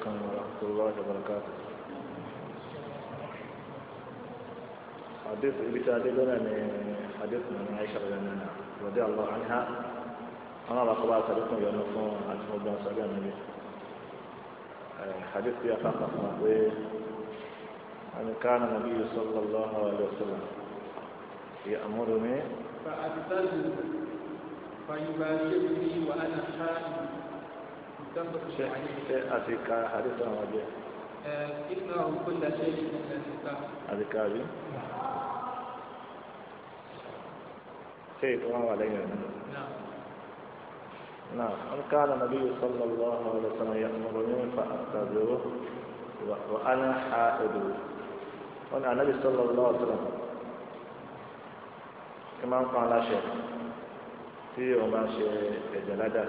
عليكم ورحمة الله وبركاته حديث ابي تعديلنا حديث من عائشة رضي الله رضي الله عنها أنا رقبها صديقنا يونسون أجمع بن سعيد النبي حديث في أخاك أن كان النبي صلى الله عليه وسلم يأمرني فأدبره فيباشرني وأنا حائل ṣe àtìkà àdìsọ àwọn ọjọ́ àtìkà rí ṣe ìfọwọ́n wà نعم أن كان النبي صلى الله عليه وسلم يأمرني فأتبعه وأنا حائض وأن النبي صلى الله عليه وسلم كما قال شيخ في يوم شيخ جلده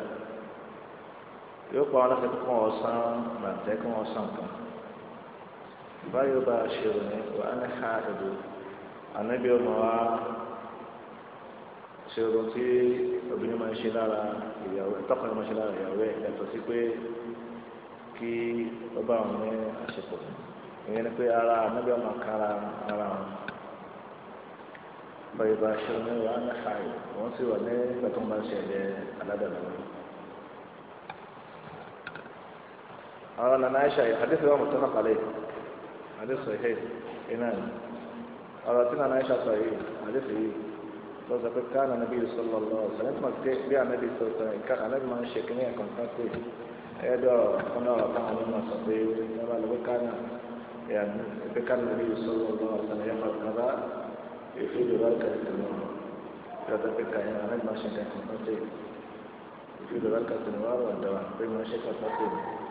yóò pa wọn láti kún ọ san bàtẹ kún ọ san kan báyọ̀ bá a ṣe rò ní wà á ní ha ìlú ànábi ọmọ wa ṣe rò tí obìnrin máa ń ṣe lára ìyàwó tọkùnrin máa ń ṣe lára ìyàwó ẹ̀ yàtọ̀ sí pé kí ó bá wọn ní àṣepọ̀ ìyẹn ni pé ara ànábi ọmọ kára ara wọn báyọ̀ bá a ṣe rò wà á ní ha ìlú wọn sì wà ní pẹ̀tùn máa اه انا عايشه حديث هو متفق عليه حديث صحيح امام قراتنا انا عايشه صحيح حديث ايه فذكر كان النبي صلى الله عليه وسلم ما بيع النبي صلى الله عليه وسلم كان النبي ما شكنيه كان فاتي هذا كنا كان ما صحيح لما لو كان يعني كان النبي صلى الله عليه وسلم يفعل كذا يفيد ذلك التنوار هذا كان النبي ما شكنيه كان فاتي يفيد ذلك التنوار والدوام بما شكنيه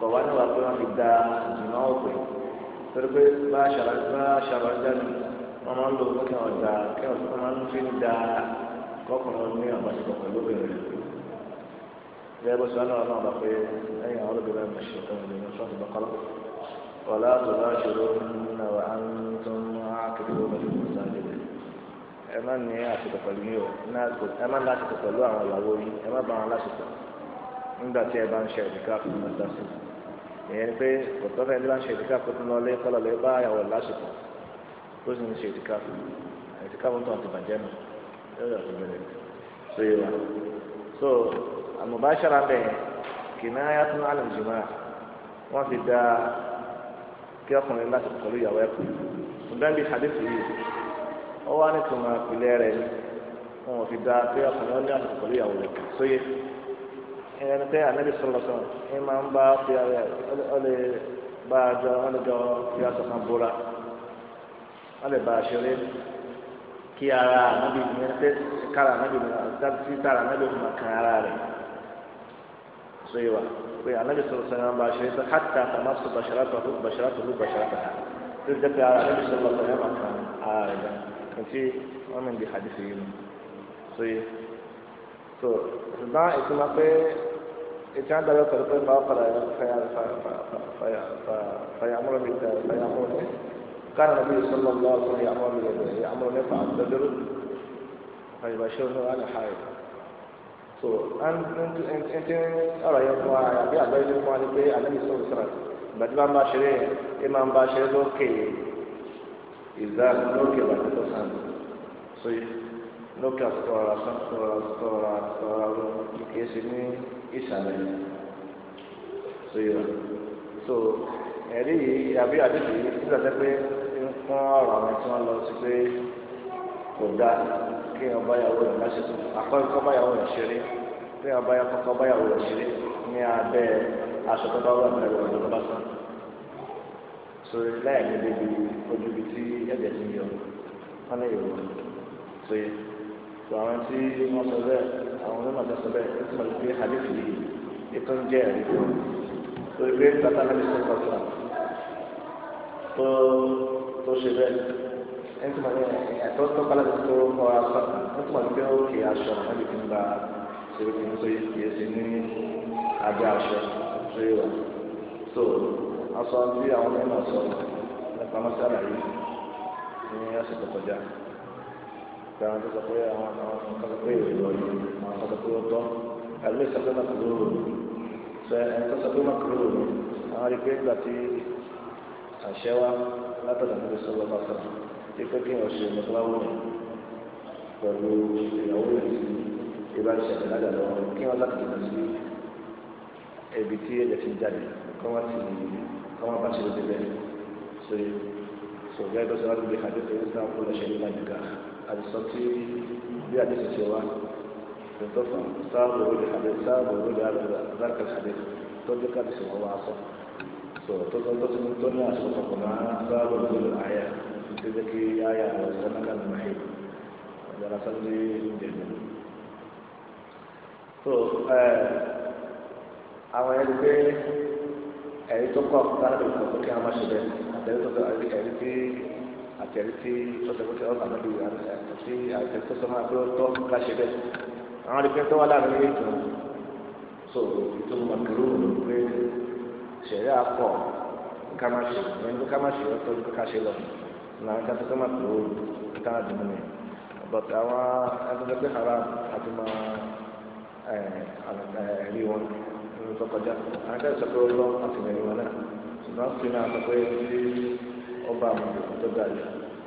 kọ̀wá náà wà pé wọ́n fi da jùmọ̀ ọ̀pẹ torí pé bá aṣàrò ajá ni wọ́n máa ń lo fún kí wọ́n da kí wọ́n máa ń fi da kọ́kùnrin ní àbáṣepọ̀ pẹ̀lú obìnrin bẹ́ẹ̀ bó sọ náà náà bá pé ẹ̀yìn àwọn olóbìnrin máa ṣe ọ̀pẹ̀ nínú sọ́ọ̀tì bọ́kọ́lọ́ wọ́lá tó bá ṣòro nínú wa á ń tó ń ákìlì lórí ìgbésà ìdílé ẹ má ní àṣepọ̀ pẹ̀lú yìí o ẹ má ní àṣepọ̀ pẹ̀lú àwọn ìyàwó yìí ẹ má bá wọn láṣepọ̀ nígbà tí ẹ bá ń ṣe ìdíkà fún mẹ́ta sí i ìyẹn ni pé kò tọ́ fẹ́ẹ́ ní bá ń ṣe ìdíkà kó tún lọ lé kọ́lọ̀ lé bá àyàwó lásìkò tó sì ń ṣe ìdíkà ìdíkà fún tọ́hún ti bàjẹ́ nù yóò yọ̀ ọ́ bẹ̀rẹ̀ so yé wa so àmùbáṣára bẹ́ẹ̀ kìnnà ayatollah alimjima wọ́n fi da kí ọkùnrin láti pẹ̀lú ìyàwó ẹ̀kọ́ ṣùgbọ́n bí hadith yìí ó wá nítorí ìpìlẹ̀ rẹ̀ wọn ò fi da kí ọkùnrin ó pẹ̀lú ìyàwó ẹ̀kọ́ ìyẹn ni pé ànábì sọ̀rọ̀ sọ̀rọ̀ ẹ máa ń bá fi ara ọ lè bá a jọ ọ lè jọ fi aṣọ kan bóra ọ lè bá a ṣeré kí ara so yìí wa pé ànábì sọ̀rọ̀ sọ̀rọ̀ máa bá a ṣeré pé hàtà àmà sọ bàṣẹ́rà tòlú bàṣẹ́rà tòlú bàṣẹ́rà tòlú tó ti dẹ́pẹ́ ara ànábì sọ̀rọ̀ sọ̀rọ̀ kan ara rẹ̀ gan kò sí mi di hadith yìí so yìí so ṣùgbọ́n ìtumọ̀ pé ètò àgbàdo pẹ̀lú pé máa padà fàyà fàyà fàyà mọ́rọ̀ mi tẹ̀ fàyà mọ́rọ̀ mi kánà nàbí sọlọ lọ sọ yà mọ́rọ̀ mi lẹ̀ yà mọ́rọ̀ mi fà lọ́dọ́rọ́ àyùbá ṣe ọ̀nà àlẹ́ ha yìí so ẹn tí ọ̀rọ̀ yẹn fún wa àbí àgbà yẹn fún wa ni pé ànábì sọ̀rọ̀ sọ̀rọ̀ ìgbàdí máa ń bá ṣeré ẹ máa ń bá ṣeré lókè sọ̀rọ̀ sọ̀rọ̀ sọ̀rọ̀ sọ̀rọ̀ kìkì sí ní ìsàlẹ̀ sọ̀rọ̀ so ẹ̀rí yìí àbí àdéhùn yìí nígbà tẹ́ pé ń fún ọ̀rọ̀ àwọn tí wọ́n lọ sí pé kò dá kí wọ́n báyàwó rẹ̀ má ṣe tó àkọ́kọ́ báyàwó rẹ̀ ṣeré kí wọ́n báyà kọ́kọ́ báyàwó rẹ̀ ṣeré ní abẹ́ aṣọ tó bá wà ní ẹ̀rọ ọ̀dọ́ lọ́sàn so láì ní débi ojú ibi tí ẹ̀jẹ̀ ti yọ wọ́n lè yọ̀ wọ́n so yẹ sọ àwọn tí wọ́n sọ bẹ́ẹ̀ àwọn ọlọ́mọ tó sọ bẹ́ẹ̀ tó mọ̀ pé hadith yìí ètò ń jẹ́ ẹ̀rí fún tó gbé tata náà sọ kọ̀ọ̀tà tó tó ṣe bẹ́ẹ̀ ẹni tó mọ̀ ní ẹ̀tọ́ tó kọ́lá tó kọ́ aṣọ ẹni tó pé ó kì í aṣọ ẹni tó ń ba ṣèlú kì í sọ yìí kì í ṣe ní abẹ́ aṣọ tó yẹ wà so aṣọ tí àwọn ọmọ náà sọ nípa mọ́sálà yìí ní ọ̀sẹ̀ tó kọjá àwọn tó sọ pé àwọn àwọn kọ́kọ́ pé ìrọ̀ yìí àwọn kọ́kọ́ pé ó tọ́ àbí sọ pé màkúrò sọ ẹni tó sọ pé màkúrò àwọn rí pé ìgbà tí àṣẹ wa látọ̀dọ̀ níbi sọ lọ́ba sọ tí pé kí wọ́n ṣe mọ́tòláwọ̀ pẹ̀lú ìyàwó rẹ̀ sí ìbá ìṣẹ̀lẹ̀ lágbàdo wọn kí wọ́n láti dìbò sí ibi tí ẹ̀jẹ̀ ti jáde àdìsọ tí bí àdìsọ ṣe wá tó fún sáàbù orí àdé sáàbù orí àdàkà àdé tó dé ká àdìsọ wọn wá sọ tó tó tó tó tó ní àṣọ kọkọ máa sáàbù orí àyà tó dé kí àyà àwọn sọmọkà ní máa yìí ọjọ́ra sọ́dún ní ìjẹ̀dẹ̀ tó àwọn ẹni pé ẹ̀rí tó kọ́ àkókò àdìsọ tó kí a máa ṣe bẹ́ẹ̀ àtẹ̀rí tó kọ́ àdìsọ àtẹ̀rí tí ọ̀sẹ̀kọ̀sẹ̀ ọ̀sẹ̀ àmọ́dé wò àti àtẹ̀rí tó sọ máa tó tọ́ láṣẹ bẹ́ẹ̀ àwọn àdìpẹ́ tó wà láàrin méjì so ìtòmù màkìrú ló pé ṣẹ̀rí àpọ̀ ká má ṣe ẹni ká má ṣe ọ̀tọ̀ ní ká ṣe lọ ìlànà ìtàn tó kọ́ màkìrú ìtàn àdìmú but àwọn ẹgbẹ́gbẹ́ haram àti máa rí wọn ní tọkọjá àwọn akẹ́kọ̀ọ́ sọ pé ó lọ́ àtìmẹ̀rí wọn náà ṣùgbọ́n fi náà sọ pé ọba àmọ̀jọ̀ tó dáa yìí.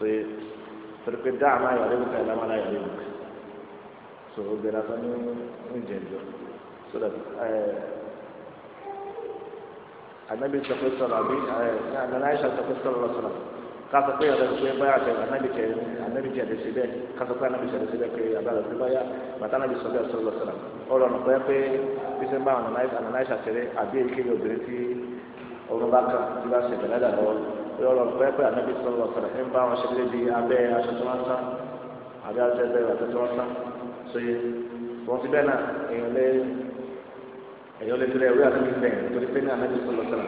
pé torí pé dá àmà yàrá ìbùkà ẹ̀ lámàlà yàrá ìbùkà so obìnrin afọ ní oúnjẹ ìjọ so that anabi eh, sọ pé sọlọ àbí eh, nana aisha sọ pé sọlọ lọsọlọ kásọ pé yàrá ìbùkà báyà tẹ anabi tẹ anabi tẹ ẹdẹ síbẹ̀ kásọ pé anabi tẹ ẹdẹ síbẹ̀ pé yàrá ìbùkà báyà bàtà anabi sọ bẹ́ẹ̀ sọlọ lọsọlọ ọ̀rọ̀ ọ̀nà pẹ́ pé bísí ń bá nana aisha tẹ̀lé àbí èyíkéyìí obìnrin tí ọ̀run bá kàn tí bá ṣẹ̀dá lẹ́dà lọ́wọ́ yọrọ pẹpẹ anabi sọlọ sọlọ ẹ ń bá wọn ṣẹlẹ̀ bí abẹ aṣọ tí wọn san abẹ aṣọ ẹgbẹ aṣọ tí wọn san sóye wọn ti bẹ náà èèyàn lé èèyàn lé tẹ́lẹ̀ ewé àti bíbẹ torí pé ní anabi sọlọ sọlọ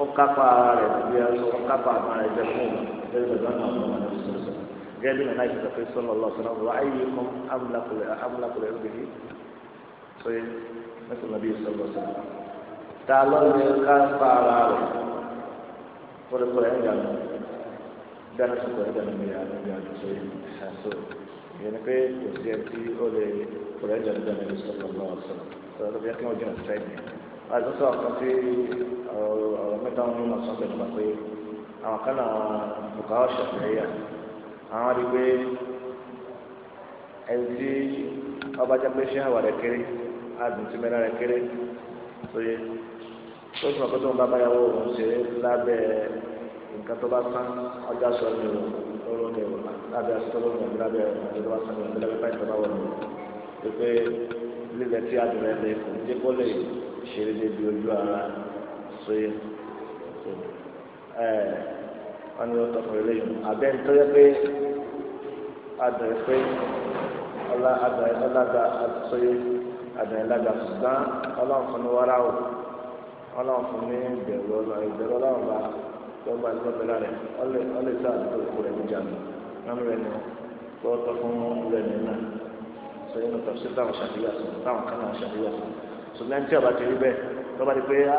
ó kápá rẹ bí aṣọ ó kápá àmà rẹ jẹ fún un lórí pẹ̀lú àwọn ọmọ anabi sọlọ sọlọ gẹ́gẹ́ bí nana ìṣẹ̀lẹ̀ pé sọlọ lọ sọlọ wà á yí kún amúlákulẹ amúlákulẹ ẹgbẹ yìí sóye mẹsàn-án bí sọlọ sọlọ ta lọ́ọ́ ní kápá ara rẹ. Por eso es ya dáná sí kọ̀ọ̀dá ní ìyàwó ìyàwó ṣe àṣọ ìyẹn pé kò sí ẹ tí ó lè kọ̀ọ̀dá ìjà lọ́dọ̀ ní ìṣọ̀kan náà sọ̀rọ̀ sọ̀rọ̀ bí ẹkẹ́ wọn jẹ́ ọ̀sẹ̀ ní. àtúntò ọ̀kan tí ọ̀rọ̀ mẹ́ta wọn nínú ọ̀sán pẹ̀lú pé àwọn kan náà bùkà ọ̀ṣọ̀fẹ̀yà àwọn rí pé ẹni tí ọba jẹ́ pé ṣé àwà rẹ̀ kéré adùn tí mẹ́ra rẹ̀ kéré tó yẹ tó sì mọ̀ pé tó ń bá báyàwó òun ṣe lábẹ́ nǹkan tó bá tán ọjà sọ ní o lọ́rọ́ ní o lábẹ́ asọ́rọ́ ní o lábẹ́ ọjọ́ bá sọ ní o lábẹ́ báyìí tó bá wọ̀ ní o pépé lílẹ̀ tí a dùn ẹ̀ lé kò ní jẹ́ kó lè ṣe é débi ojú ara sóyè ẹ̀ wọ́n ní wọ́n tọkọ ilé yìí abẹ́ nítorí pé a dùn pé ọlá adùn ẹ̀ lága sóyè adùn ẹ̀ lága ṣùgbọ́n ọlọ́run fún ní wàrà o ọlọ́run fún ní ìbẹ̀rù ọlọ́run ìbẹ̀rù ọlọ́run bá lọ́gbà lọ́bẹ̀lá rẹ̀ ọlẹ́ sáà tó kú rẹ̀ níjà mi lámú rẹ̀ ni wọ́n tọ́ fún rẹ̀ nínà sọ yẹn tó ṣe táwọn ṣàfihàn sọ táwọn kan náà ṣàfihàn sọ sọ náà tí a bá ti rí bẹ́ẹ̀ tó bá di pé á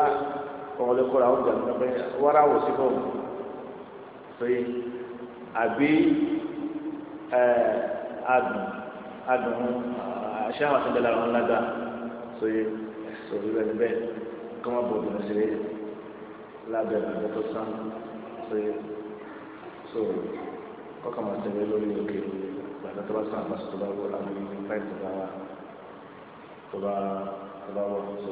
ọ̀hún lè kóra ọ̀gbà mi lọ́pẹ́ wọ́n ráwọ̀ sí fún un sọ yẹn àbí adùn adùn aṣáwọn ah, àti bẹ́ẹ̀ làwọn lágbà sọ yẹn sọ yẹn bẹ́ẹ̀ kọ́mọ́ bọ̀ ọ̀dùn sí rẹ̀ lábẹ́ àgbẹ̀ tó sán pé so kọ́kọ́ máa tẹ̀lé lórí òkè ìgbàgbọ́ tó bá sán àpàṣẹ tó bá wọ àwọn ìpáì tó bá wà tó bá tó bá wọ so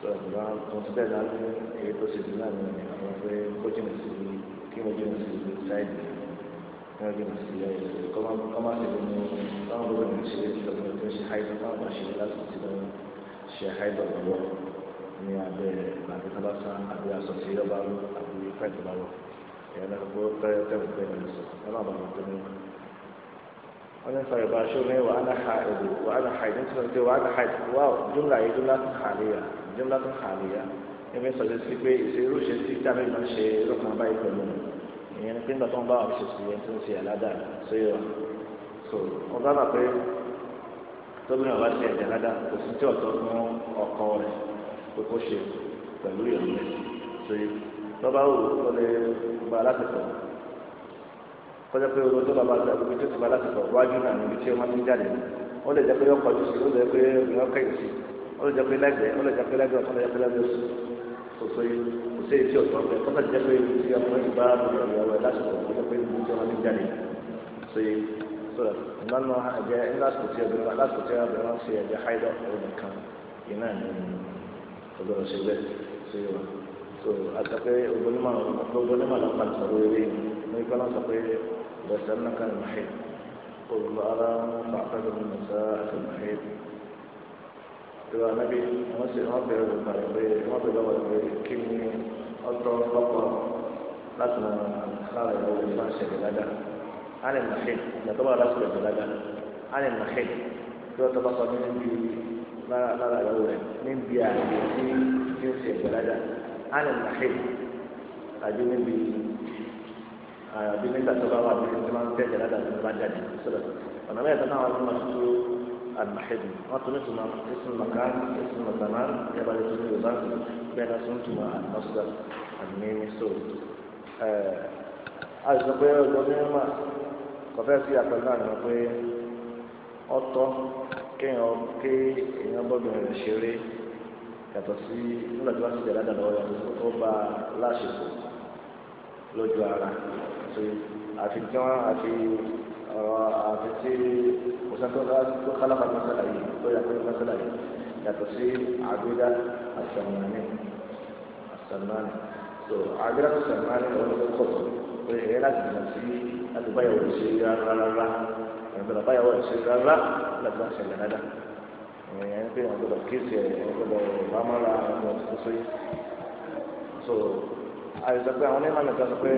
so ìgbà wọn ti bẹ̀rẹ̀ láti èyí tó ṣe jù náà ní àwọn pé kó jìnnà sí kí wọ́n jìnnà sí sáìdì kí wọ́n jìnnà sí ẹ̀ kọ́ máa tẹ̀lé ní báwọn gbọ́dọ̀ ní ṣe ìṣòro tó ń ṣe háìdọ̀ báwọn máa ṣe láti ṣe ní abẹ́ àti sábàsá àbí aṣọ sí ọba rú àbí fẹ́ẹ̀tì bá wọ̀ ẹ̀yẹ náà kó pẹ́rẹ́ tẹ̀wọ̀n pẹ́ẹ́rẹ́ ní sọ ọlọ́run bá wọn tó ní wọn. wọ́n ní sọ̀rọ̀ ìbáṣọ ní wàhálà ha èdè wàhálà ha ìdí sọ̀rọ̀ pé wàhálà ha ìdí wà jùmlà yìí jùmlà tún hàlìyà jùmlà tún hàlìyà ẹ̀mí sọ̀rọ̀ sí pé ìṣerú ṣe sí dábì máa ṣe lọ́kàn báyìí pẹ̀lú ìyẹn ni pé nígbà tó ń bá wọn ṣe sí ẹni tó ń ṣe àládà sóyè wa so wọ́n bá bà pé tóbi náà wá ṣe ẹ̀jẹ̀ àládà kò sí tí ọ̀tọ̀ fún ọkọ rẹ̀ pé kó ṣe pẹ̀lú ìrìn rẹ̀ ṣe lọ́ba wò ó lè gba láti sọ kọjá pé olóò tó bàbá àgbà ibi tó ti gba láti sọ wájú náà níbi tí wọ́n ti ń jáde ó lè jẹ́ pé yọ kọjú sí ó lè jẹ́ pé yọ kẹ́yìn sí ó lè jẹ́ pé lẹ́gbẹ̀ẹ́ ó lè jẹ́ pé lẹ́gbẹ̀ẹ́ ó lè jẹ́ pé lẹ́gbẹ̀ẹ́ sí òṣè òṣè tí ọ̀tọ̀ ọ̀bẹ kọ́tà jẹ́ pé ibi tí ọmọ ìgbà ìyàwó ẹ̀ lásìkò ó jẹ́ pé ibi tí wọ́n ti ń jáde ṣe sọ̀rọ̀ ìgbà náà ẹ̀jẹ̀ ńlá sòtì ẹ̀bẹ̀rẹ̀ lásìkò tí ẹ̀bẹ̀rẹ̀ ṣe ẹ̀jẹ̀ háìdọ̀ ẹ̀rọ nìkan ìnáà ní ọgbọ́dọ̀ ṣe bẹ́ẹ̀ ṣe wà so àtàkẹ́ ogunimọ̀ ogunimọ̀ ló kàn sọ̀rọ̀ eré ní ìpínlẹ̀ sọ pé ìdọ̀sẹ̀ náà kàn ní ṣe olùkọ́ ara pàápàá ní ìsá àti ìmọ̀ṣẹ́ ìwà níbi wọ́n sì wọ́n bẹ̀rẹ̀ lọ́pàá pé wọ́n bẹ̀rẹ̀ lọ́pàá pé kí ni ọ̀tọ̀ lọ́pọ̀ láti mọ kára ìwọ ìfà ṣẹlẹ̀ lága á lè mọ̀ṣẹ́ ìgbà tó bá lásìkò ìjọba lága á lè mọ̀ṣẹ́ tí wọ́n tọ́ bá sọ nínú bíi lára lára lọ́wọ́ rẹ̀ níbi àyè tí tí ó ṣe ìgbàládà á lè nà ṣe àbí níbi àbí nígbà tó bá wà bí tí wọ́n tẹ̀ ìgbàládà tó bá jáde sọ̀rọ̀ ọ̀nà mẹ́ta náà wọ́n máa tó àmàhẹ́dù wọ́n tún ní tuma ẹ̀sùn màkà ẹ̀sùn màkàmá yàrá lè tún yorùbá bẹ́ẹ̀ náà tún tuma àmọ́sọ̀rọ̀ àmì sọ̀rọ̀ àìsàn pé ọjọ́ mímọ́ kọfẹ́ sí àpẹẹrẹ náà ni wọ́n pé ọtọ́ kéèyàn ké èèyàn bọ́dọ̀ rẹ̀ ṣeré yàtọ̀ sí nígbà tí wọ́n ti jẹ̀dá dàdà ọ̀yà tó bá láṣepọ̀ lójú ara àti àfi tí wọ́n àfi ọ̀rọ̀ àfi tí mùsàtọ́ tó kálábà mọ́sálà yìí tó yàtọ̀ ní mọ́sálà yìí yàtọ̀ sí àgbéga àṣàmùnánì àṣàmùnánì tó àgbéga àṣàmùnánì ọ̀rọ̀ tó kọ̀ tó èèyàn láti mọ̀ sí àdúgbò yẹ̀wò rárá rárá gbọ́dọ̀ báyà wọ́n ṣe rárá lọ́dọ̀ ṣẹlẹ̀ rárá ẹ̀yìn pé wọ́n gbọ́dọ̀ kíìsì ẹ̀ wọ́n gbọ́dọ̀ bámọ́ra ọ̀dọ̀ ṣoṣo yìí so àìsàn pé àwọn onímọ̀ nìkan sọ pé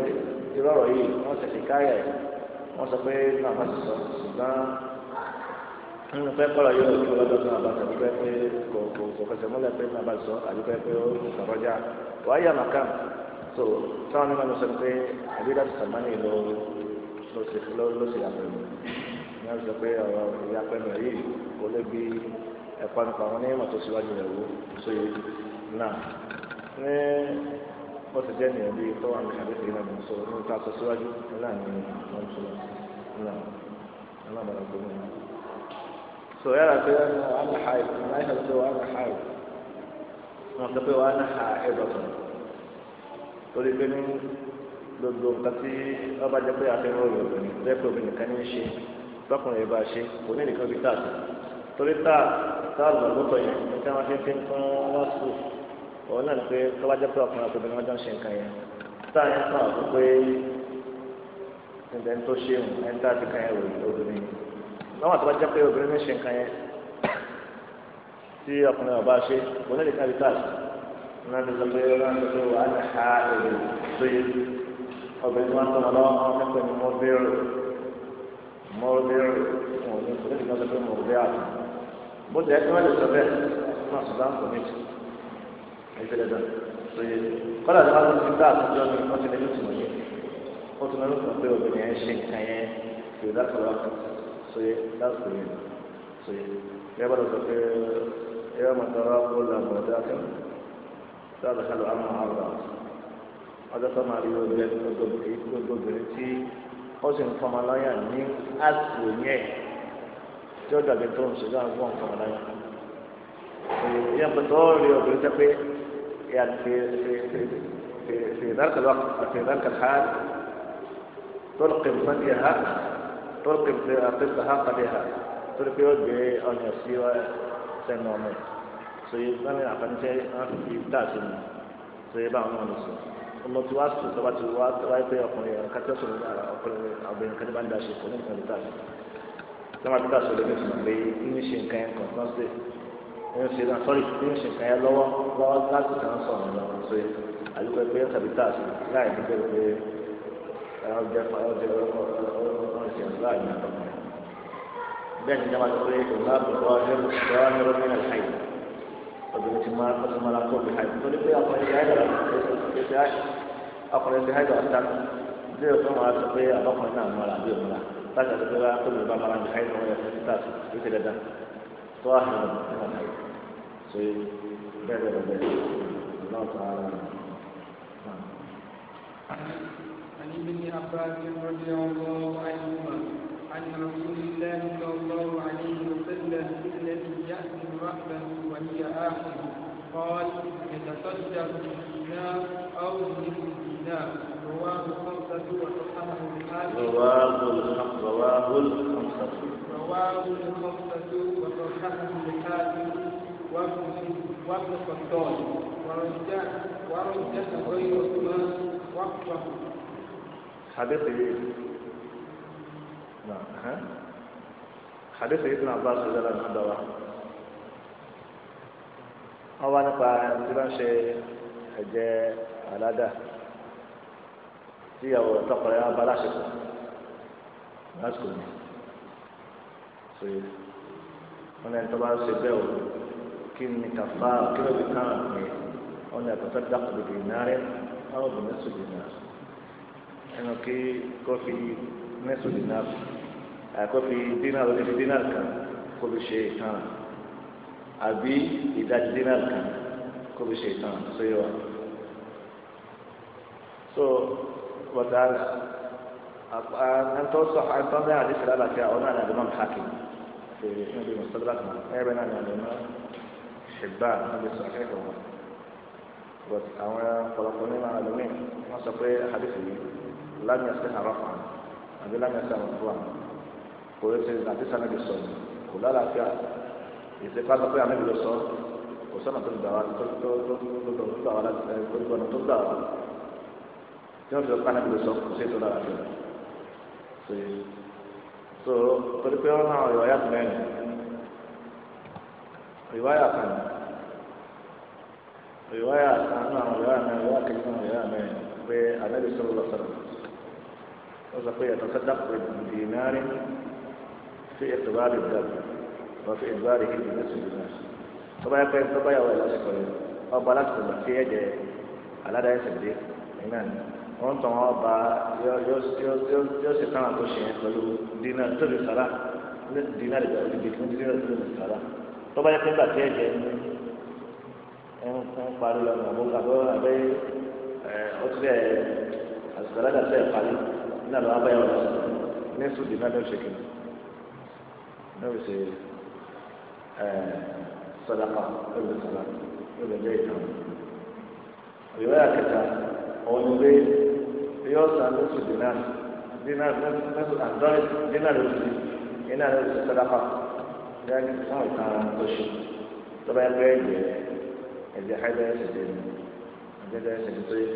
irú ọ̀rọ̀ yìí wọ́n ṣe ṣìkáyà ẹ̀ wọ́n sọ pé nínú àbá ti sọ ṣùgbọ́n nínú pé kọ́lọ̀ yóò kí ọlọ́dọ̀ nínú àbá tàbí pé pé kò kò kò fẹsẹ̀ múlẹ̀ pé nínú àbá ti sọ àbí pé pé ó sọ̀rọ̀jà wáyé àmàkà so táwọn onímọ̀ nìkan sọ pé àbí dàtí sàmánì ló ló ṣe àbẹ̀wò náà sọ pé ọ̀rọ̀ ìyapẹnu ẹ̀ yìí kò lè bí ẹ̀kọ́ nípa àwọn onímọ̀ tó síwájú rẹ̀ wò sóye náà ní bọ́sẹ̀ jẹ́ ènìyàn bíi tó wà ní àdéhùn ìlànà ìmọ̀sọ ní ìta sọ síwájú náà ní wọ́n sọ náà alábàárà gbogbo náà. sọ yàrá pé ana ha ìlú náà yàrá pé ana ha ìlú wọn sọ pé ana ha ẹ̀dọ̀tàn torí pé ní gbogbo nǹkan tí ọba jẹ́ pé àfihàn òyìnbó ni lẹ́pẹ́ òbí nìkan ní í ṣe tọkùnrin yẹn bá ṣe kò ní nìkan bí táàtì torí táà táàlù lọ́tọ̀ yẹn ní tí wọ́n ti fi ń fún wá sùn òun náà ni pé tó bá jẹ́ pé ọkùnrin àti obìnrin wọn jọ ń ṣe nǹkan yẹn táà yẹn fún àwọn pé ǹdẹ́ni tó ṣe òun ẹni táà ti kàn yẹn wò obìnrin lọ́wọ́ tó bá jẹ́ pé obìnrin ń ṣe nǹkan yẹn tí ọkùnrin ọba ṣe òun náà nìkan bí táàtì náà ti sọ pé wọ́n ti sọ wà á ní ha èrè mọ́rọ́dẹ́rẹ́ wọn ò ní kó lẹ́yìn lọ́dọ̀ pé mọ̀rọ́dẹ́ àlọ́ bó ti ẹ̀ka wọ́n lè sọ bẹ́ẹ̀ fún àṣùdá ń kọ́mí tì ẹ̀jẹ̀lẹ̀ dán lóye kọ́lá tí wọ́n ti dá àtúnjọ́ ni wọ́n ti lè lóṣù wọ̀nyí wọ́n ti lè lóṣù pé obìnrin ẹ̀ ń ṣe nǹkan yẹn kì í dákọ̀ wá sóye dákọ̀ yẹn sóye ẹ bá lọ sọ pé ẹ yọ mọ̀tọ́rọ́ kó làbọ̀ dákẹ́ sáà lọ́ ọjọ́ tó máa rí ọgbẹ́ gbogbo tí ó sì ń fọmọ lọ́yàn ní àsìkò yẹn tí ó dàbí tó ń ṣèlú àwọn fún ọmọ lọ́yàn. ìyẹn pẹ̀lú ọ̀rẹ́ obìnrin tẹ́ pé في ذلك الوقت في ذلك الحال تلقي فتيها تلقي طفلها قدها تلقي بأن يسير سنومين سيبقى من أقل شيء في التاسم سيبقى من النصف ọmọ tí wàá sùn tọ́ba tí wàá tọ́ba yẹ pé ọkùnrin ẹ̀ka tí sọ̀rọ̀ nípa ọkùnrin ọbẹ̀rin kan bá ń daṣe pọ̀ nípa níta ni lọ́wọ́ àti daṣọ lórí ìtumọ̀ pé ń ṣe nǹkan yẹn kàn tán sí ń ṣe náà sọ́rí ń ṣe nǹkan yẹn lọ́wọ́ lọ́wọ́ láti kàn sọ̀rọ̀ lọ́wọ́ sí àlùkò pé tàbí tààsì láì ní pé pé ọjọ́ ọjọ́ ọ̀sẹ̀ láì ní àtọ́kùnrin bẹ́ẹ̀ ni obìnrin ti máa ó ti máa tó bí àìsàn torí pé ọkùnrin ti háìdà ọkùnrin ti háìdà ọ̀tá bí o tó máa sọ pé ọkùnrin náà mọ́ra bí òmùra láti àti pé wá tó mi bá mara ní háìdà wọn yẹ fún títà sí ó ti dẹ́dá tó wà fún ọmọ náà náà so bẹ́ẹ̀ bẹ́ẹ̀ bẹ́ẹ̀ náà tó ara rẹ̀. عن ابن عباس رضي الله عنهما عن رسول الله صلى الله عليه وسلم الذي يأتي رأسه وهي آخر قال يتصدق بالدينار أو بالدينار رواه الخمسة وصححه الحاكم رواه الخمسة رواه الخمسة رواه الخمسة وصححه الحاكم وابن الخطاب ورجع ورجع غير ما وقفه حدث hadith ibn abbas ọjọ́ náà ń dọ́wà wọ́n wá nípa tí wọ́n ṣe ẹ̀jẹ̀ aládà tí ìyàwó tọkọrẹ abá láṣepọ̀ lásìkò ní ṣe wọ́n lẹ́yìn tó bá ń ṣe bẹ́ẹ̀ o kí ni kàfá kí ló fi kàn án pé wọ́n ní àtọ́tọ́ dákùnrin dè náírà àwọn obìnrin sùn dè ẹnu kí kófì ní sùn dè náírà àkọ́fi dínà lórí fi dínà kan kó fi ṣe ìtàn àbí ìdajì dínà kan kó fi ṣe ìtàn sóyè wa. so bàtà àtọ́sọ àtọ́sọ àdìsí lálàáfíà ọ̀nà àdìmọ́ hakim fi ní bí mùsùlùmí kan ẹ̀ bẹ́ẹ̀ náà ní àdìmọ́ ṣùgbọ́n níbi sọ̀rọ̀ ẹ̀kọ́ wọn but àwọn ọ̀pọ̀lọpọ̀ nínú àwọn ẹlòmíì wọ́n sọ pé àdìsí yìí lámìí ẹ̀sìn àrọ́fà àbí lámìí ẹ̀sìn àwọn fúlàní kò yẹ ṣe àti sanabi sọ kò lálàáfíà ìṣèpá sọ pé ànábi lọ sọ kò sọnà tó gbà wá tó tó tó tó gbà wá láti ẹ kó gbọnà tó gbà wá tí wọn fi ọkọ ànábi lọ sọ kò sí ètò lálàáfíà ṣe so torí pé wọn náà ìwà yàtọ̀ mẹ́rin ìwà yàtọ̀ ìwà yàtọ̀ àwọn àwọn ìwà mẹ́rin ìwà kejì àwọn ìwà mẹ́rin pé ànábi sọ lọ sọ̀rọ̀ wọn sọ pé yàtọ̀ sọdá pé dìínárì fi ìtòwárì dàbí wọn fi ìtòwárì kí ìdílé sùn nínú àṣì tọ́ba yẹ pé tọ́ba yà wọ̀ lásìkò yẹn ọba lásìkò gbà fi ẹ̀jẹ̀ aládàá ẹ̀sẹ̀ dé iná ni wọ́n tàn wọ́n ọba yóò ṣe táwọn tó ṣe yẹn pẹ̀lú dínà tó lè sára dínà lè gbàgbé ibi fún dínà tó lè sára tọ́ba yẹ pé gbà fi ẹ̀jẹ̀ ń parí lọ́nà àbúkàbọ̀ abẹ́ ọtí ẹ̀ àṣìkò aládàá sẹ́ẹ̀ parí nínú àlọ́ abẹ́yẹwò yóò ṣe sọdaka yóò ṣe sọdaka yóò ṣe bẹ́ẹ̀ tán ìwé àkẹta òun ìwé yóò san lóṣù dinar dinar lóṣù android dinar lóṣù iná lóṣù sọdaka yẹn fún ìtàn lóṣù tó bá ń gbé ẹgbẹ ẹgbẹ ẹgbẹ ẹsẹ dé ẹgbẹ ẹsẹ dé tó yẹ.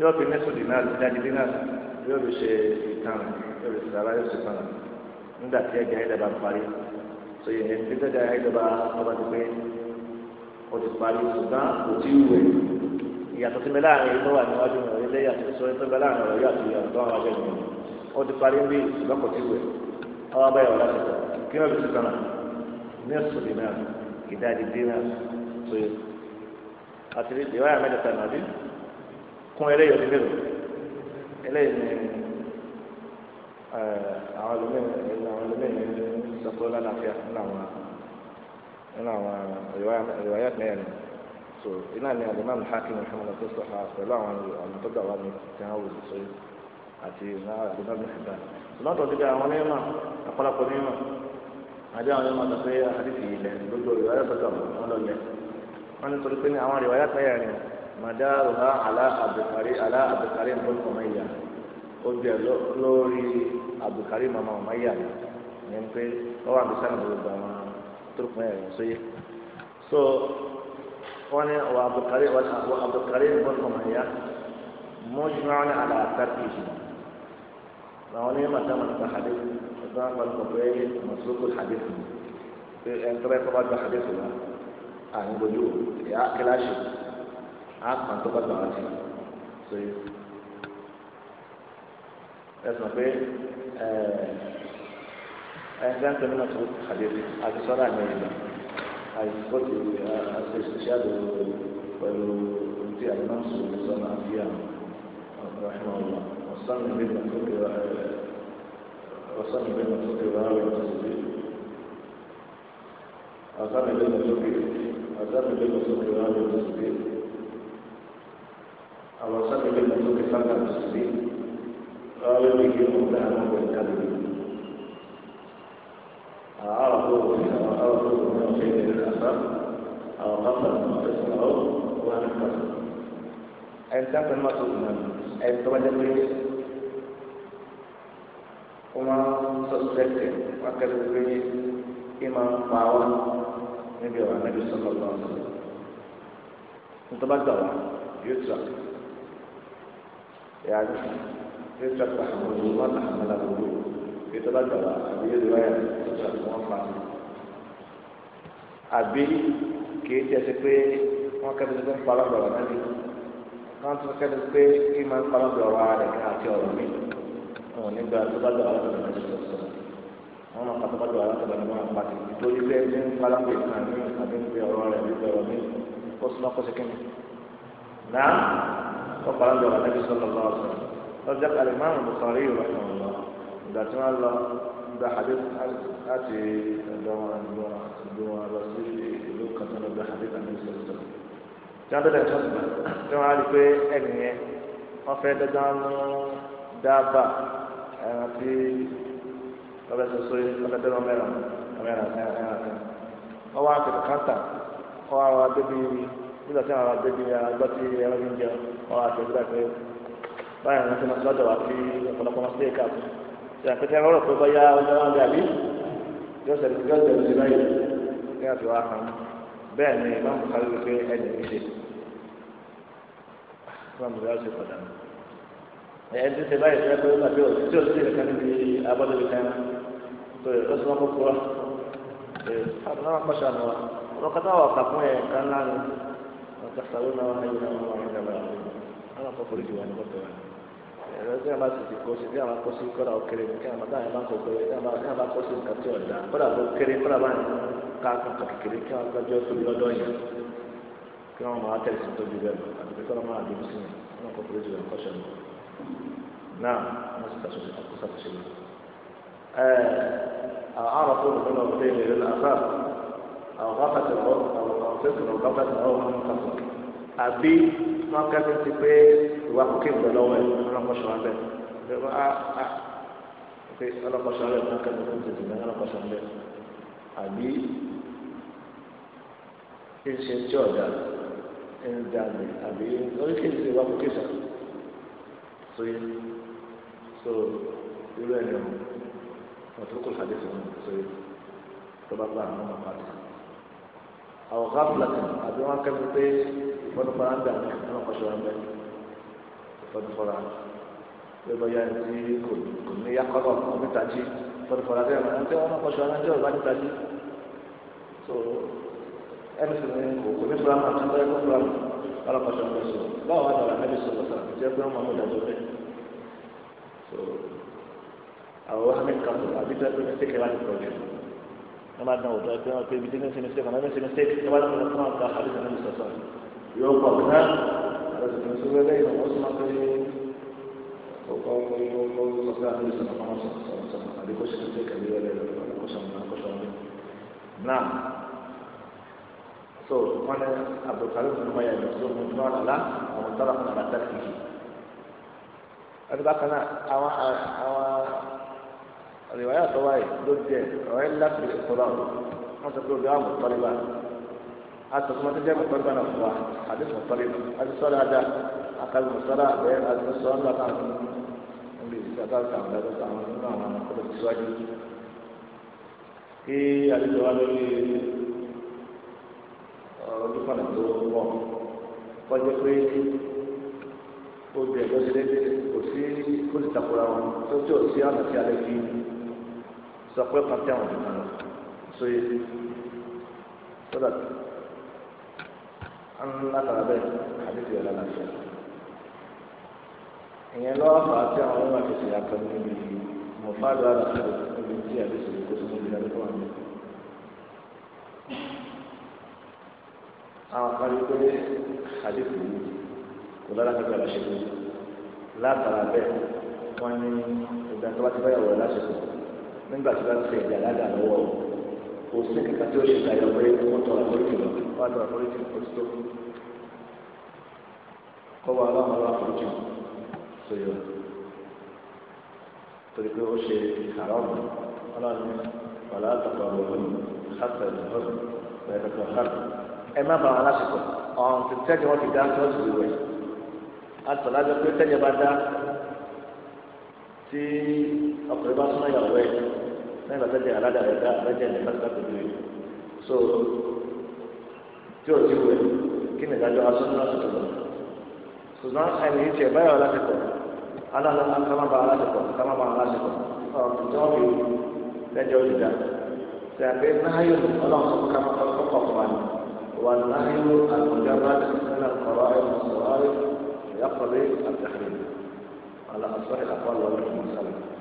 yóò fi mẹ́sàn-án dinar dídájú dinar yóò lè ṣe ìtàn yóò lè sara yóò ṣe tàn nígbà tí ẹgbẹ́ ayélujára bá parí so yẹ ẹgbẹ́ ayélujára ọba ti pé ó ti parí ṣùgbọ́n kò tí ì wẹ̀ ìyàtọ̀ sí mi láàrin ìlú wà níwájú mi ilé yàtọ̀ sọ ẹgbẹ́ mi láàrin ọ̀rọ̀ yàtọ̀ yàtọ̀ àwọn abẹ́ mi ó ti parí bí ṣùgbọ́n kò tí ì wẹ̀ ọba abẹ́yẹ̀ ọ̀la ti tọ̀ kí wọ́n fi ṣe tàn ní ẹ̀sùn mi náà ìdájí dé náà eléyìí ni eh, àwọn ẹlòmíràn àwọn ẹlòmíràn ní sọpọ lálàáfíà nínú àwọn nínú àwọn ìwáyà mẹ́rin so iná ni alimami hakim muhammed tó sọ ha pẹ̀lú àwọn ọmọ tó gbà wá ní ìtàn òwò sọ yìí àti iná alimami ìgbà ṣùgbọ́n tó ti di àwọn onímọ̀ ọ̀pọ̀lọpọ̀ onímọ̀ àti àwọn onímọ̀ tó pé àdìsí ilẹ̀ lójú ìwáyà tó gbà wọ́n lọ lẹ̀ wọ́n ní torí pé ní àwọn ìwáyà mẹ́rin madaruha ala abukari ala abukari mbọlọ ọmọya ó jẹ lórí abukari mama ọmọya ní pé ọwọ àbísà ní gbogbo àwọn turupu yẹn lọ sóye so wọn ni wà abukari wà abukari mbọlọ ọmọya mọjúmọ́ni ala àtàkì ìṣúná àwọn onímọ̀ tí a máa ń gba hadith ẹgbẹ́ wọn kọ́ pé mọ̀sókò hadith ni pé ẹ̀ńtọ́rẹ́ kọ́ bá gba hadith wa à ń gbójú ìyá kíláṣì. àpà tó bá gbàgbà sí so ẹsùn pé ẹsẹ̀ ń pè ní mọ̀tò àdéhùn àti sọ́dọ̀ àmẹ́rìkà àti sọ́tò àti ìṣẹ́dọ̀ pẹ̀lú ti àdínáṣù sọ́nà àti àmì ọ̀pọ̀lọpọ̀ ọ̀la ọ̀sán ìgbé mọ̀tòkè ọ̀sán ìgbé mọ̀tòkè ráàrẹ̀ ọ̀sán أقام بين الصبي أقام بين الصبي وهذا الصبي àwọn sábẹ́lẹ̀ mú tó fi sábà tó sí ráwé ní kí wọ́n dá àwọn ọgbẹ̀ jáde àwọn àwọn òfin àwọn àwọn òfin àwọn òfin ìlú kàtà àwọn kàtà àwọn òfin àwọn wà ní kàtà. ẹn tí a fẹ́ máa tó fún mi ẹn tó bá jẹ́ pé ó máa ń sọ́sẹ́tì wá kẹ́lẹ́ pé kí máa ń pa wá níbi ọ̀rọ̀ àmẹ́bí يعني يشرح محمود المرء حمل الوجود يتذكر هذه الرواية تشرح موقع àbí kìí tiẹ̀ ṣe pé wọ́n kẹ́ni tó ń parọ́ ọ̀rọ̀ náà ni wọ́n tún kẹ́ni pé kí máa ń parọ́ ọ̀rọ̀ ara rẹ̀ àti ọ̀rọ̀ mi wọn ò ní gba tó bá dọ̀rọ̀ ọ̀rọ̀ náà ṣe sọ wọn máa pàtó bá dọ̀rọ̀ ọ̀rọ̀ náà wọn pàtó nítorí pé ẹni ń parọ́ pé kàn ní àbí ń pe ọ̀rọ̀ rẹ̀ nípa mi ó sún ọkọ̀ sí kíni tọ́pàá lọ ànábi sọ́tọ̀ lọ́wọ́ sọ lọ́jọ́ kalẹ̀ márùn bùkọ́rí ìrọ̀lẹ́ ọ̀lọ́ ìgbà tí wọ́n lọ gba hadith láti ọ̀dọ̀ wọn lọ ìlú wọn lọ sí ìlú kan tó lọ gba hadith ànábi sọ́tọ̀ sọ́tọ̀ tí wọ́n bẹ̀rẹ̀ sọ́tọ̀ tí wọ́n á rí pé ẹnì yẹn wọ́n fẹ́ dandan mú dábà ẹran tí wọ́n bẹ sọ sórí ọ̀dọ̀ tó lọ mẹ́ràn mẹ́ràn mẹ́ràn kan wọ́n wá àtẹ̀kọ́ nígbà tí àwọn abẹ́bí agbọ́tí ẹran ń jẹun wọn àti ìgbà pé báyìí wọn ti máa lọ́dọ̀ wá sí ọ̀pọ̀lọpọ̀ wọn sí ẹ̀ka àbọ̀ ṣe àpẹtẹ ẹran rọ̀ pé bóyá ọjọ́ wọn bí àbí yóò ṣẹlẹ̀ yóò ṣẹlẹ̀ sí báyìí ní àti wàá kan bẹ́ẹ̀ ni ìmọ̀ nǹkan ló pé ẹnì ń ṣe wọn bùrẹ́ ọ̀ṣẹ̀ pọ̀ dànù ẹni tí ẹ̀ ọ́n náà kọ́ ṣàmùwà tàṣàlónà wọn ẹ̀yìn náà wọn ẹ̀yìn náà wọn kọ́ foríjì wọn ní kọ́ tẹ̀wọ́n ẹ̀rọ tí a bá ti kó sí tí a bá kó sí kọ́ra òkèrè ní kí a máa bá kó pẹ̀lú tí a bá kó sí nǹkan tí ọ̀dà kọ́ra bó kéré kọ́ra bá ní ká kankan kékeré kí wọ́n gbájú ọ́tò lọ́dọ̀ yẹn kí wọ́n máa tẹ̀lé sí tóbi bẹ́ẹ̀ lọ àti pé kọ́ra máa dùn sí yẹn wọn kọ́ foríjì wọn kọ́ṣẹ́ lọ. náà wọ́n sì tàṣọ àkó sàkóṣe lọ. àwọn afọ́nù fún ọ̀gbìn ìrẹ̀lẹ̀ àfáà àwọn àbí wọn kẹsì ti pé ìwà kókè ń bẹ lọ́wọ́ ẹ ọlọmọṣọ abẹ ìjọba a a pé ọlọmọṣọ abẹ wọn kẹsì ti tètè ní ọlọmọṣọ abẹ àbí ń ṣe tí ọ̀dà ń dàgbé àbí oríkèéjì ìwà kókè sà sóyè so irú ẹni ọ̀hún ọ̀túnkù hadith ọ̀hún sóyè tó bá bá àwọn ọmọ pàdé àwọn gáfúlà àbí wọn kẹsì pé gbọ́dọ̀ fara ń bẹ àti ẹnlọ kọsọ ń bẹ gbọ́dọ̀ fara bí ọba ya ti kò kò ní ya kọlọ ọbí tají gbọ́dọ̀ fara bí ọba ẹnjẹ wọn kọsọ ẹnjẹ ọba ní tají so ẹni sì ní kò kò ní fura mà tó ẹ kó fura mà ọlọ kọsọ ń bẹ so báwo wà lọrọ ẹni sọ lọsọ àti ẹgbẹ́ wọn mọ ìdájọ́ bẹ so àwọn hami kàtó àbí tó ẹgbẹ́ mẹsẹkẹ láti pọ̀jù ẹ má dán òtọ ẹgbẹ́ wọn pé ibi tí ní sinmi sẹkọ náà ní sinmi sẹkọ ẹ má dán òtọ fún àwọn àgbà àbí tó ẹgbẹ́ mẹsẹkẹ yóò pọ̀ náà àlọ́sọ̀tún sí wẹ́lẹ́ ìlú wọ́n sì máa pẹ́ ọkọ̀ ọkọ̀ ọ̀gá àti ìsọ̀nà kan wọ́n sọ̀rọ̀ sọ̀rọ̀ sọ̀rọ̀ àdékò sí ilé kẹ̀lé wẹ́lẹ́ ìlú àdékò sọ̀rọ̀ náà kọ̀sọ̀ ọ̀dọ̀ náà so wọn ní abdulkarim ní wọn yà lọ sí ọmọ ìdúrà lọlá àwọn tọrọ fún àbá tẹ kìkì ẹni bákan náà àwọn àwọn rìwáyà tó wáyé ló jẹ ọ̀rẹ́ ńlá fi ìkọlọ wọn sọ pé obìnrin àwọn tọ́lé báyìí asọ̀tún tó jẹ́ mọ̀tọ́gbà náà fún wa àti mọ̀tọ́lẹ́ àti sọ́dọ̀ ajá àkàlù mọ̀tọ́lá àbẹ́ àti sọ́dọ̀ ńlá náà fún mi ìgbésí àtàkùn àwọn ẹ̀dọ́ta àwọn nínú àwọn ọ̀pọ̀lọpọ̀ síwájú. kí àlejò wa lórí ojúkọ̀nà tó wọ̀ kọjá pé ó bẹ̀ lọ́sílẹ̀ kò sí kó sì takora wọn tó tí ò sí àná sí alẹ́ fi sọ pé pàtẹ́ àwọn ìgbà lọ sóye sọ́dọ̀ látara bẹ́ẹ̀ àdéhùn yẹn lọ́la fẹ́. ìyẹn lọ́wọ́ fà á tí àwọn ọmọ àti ìṣẹ̀yà kan níbi mọ̀fáàlù aláṣẹ níbi tí àdéhùn yẹn kó tó níbi àdéhùn wọn. àwọn kan rí pé àdéhùn yìí kò lọ́la fẹ́ gbàdá ṣe lóyún látara bẹ́ẹ̀ wọ́n ní ìgbà tó bá ti báyàwó ẹ̀ láṣepọ̀ nígbà tó bá ti fẹ́ ìjà ládàá lọ́wọ́ ọ̀hún kò sí kíkà tí ó ṣe ìdájọ pé wọ́n tọrọ àforíjì lọ wọ́n tọrọ àforíjì kò sí tó kọ́wọ́ aláwọ̀ aláwọ̀ àforíjì tó yọ torí pé ó ṣe àrọ́mù ọlọ́run wàlá àtọ̀kọ̀ ọ̀rọ̀ ṣàtọ̀ ìdọ̀rọ̀ ẹ̀dọ̀kọ̀ ṣàtọ̀ ẹ má bàa wọn lásìkò ọ̀hún ti tẹ́jọ́ wọn ti dá tó ti wẹ̀ àtọ̀ lájọ pé tẹ́jọ́ bá dá tí ọkùnrin bá súnmọ́ ìyàwó ẹ̀ lẹ́yìn bàtà jẹ aládàá rẹ̀ dá abẹ́jẹ ní pátá tó dúró so tí o ti wẹ̀ kí ni ìdájọ́ asọ́nà tó lọ ṣùgbọ́n ẹni yìí tiẹ̀ báyọ̀ alásìkò alálọ́ kámábà alásìkò kámábà alásìkò ọ̀rọ̀ tó fi lẹ́jọ́ òdìdá tí a gbé náyò ọlọ́run kámábà kọ́kọ́ fún wa ni wà náyò àgbọ̀jọ́ bá ti sílẹ̀ kọ̀rọ̀ ẹ̀ yàtọ̀ lé àtàkùn على أصح الأقوال والمسلمين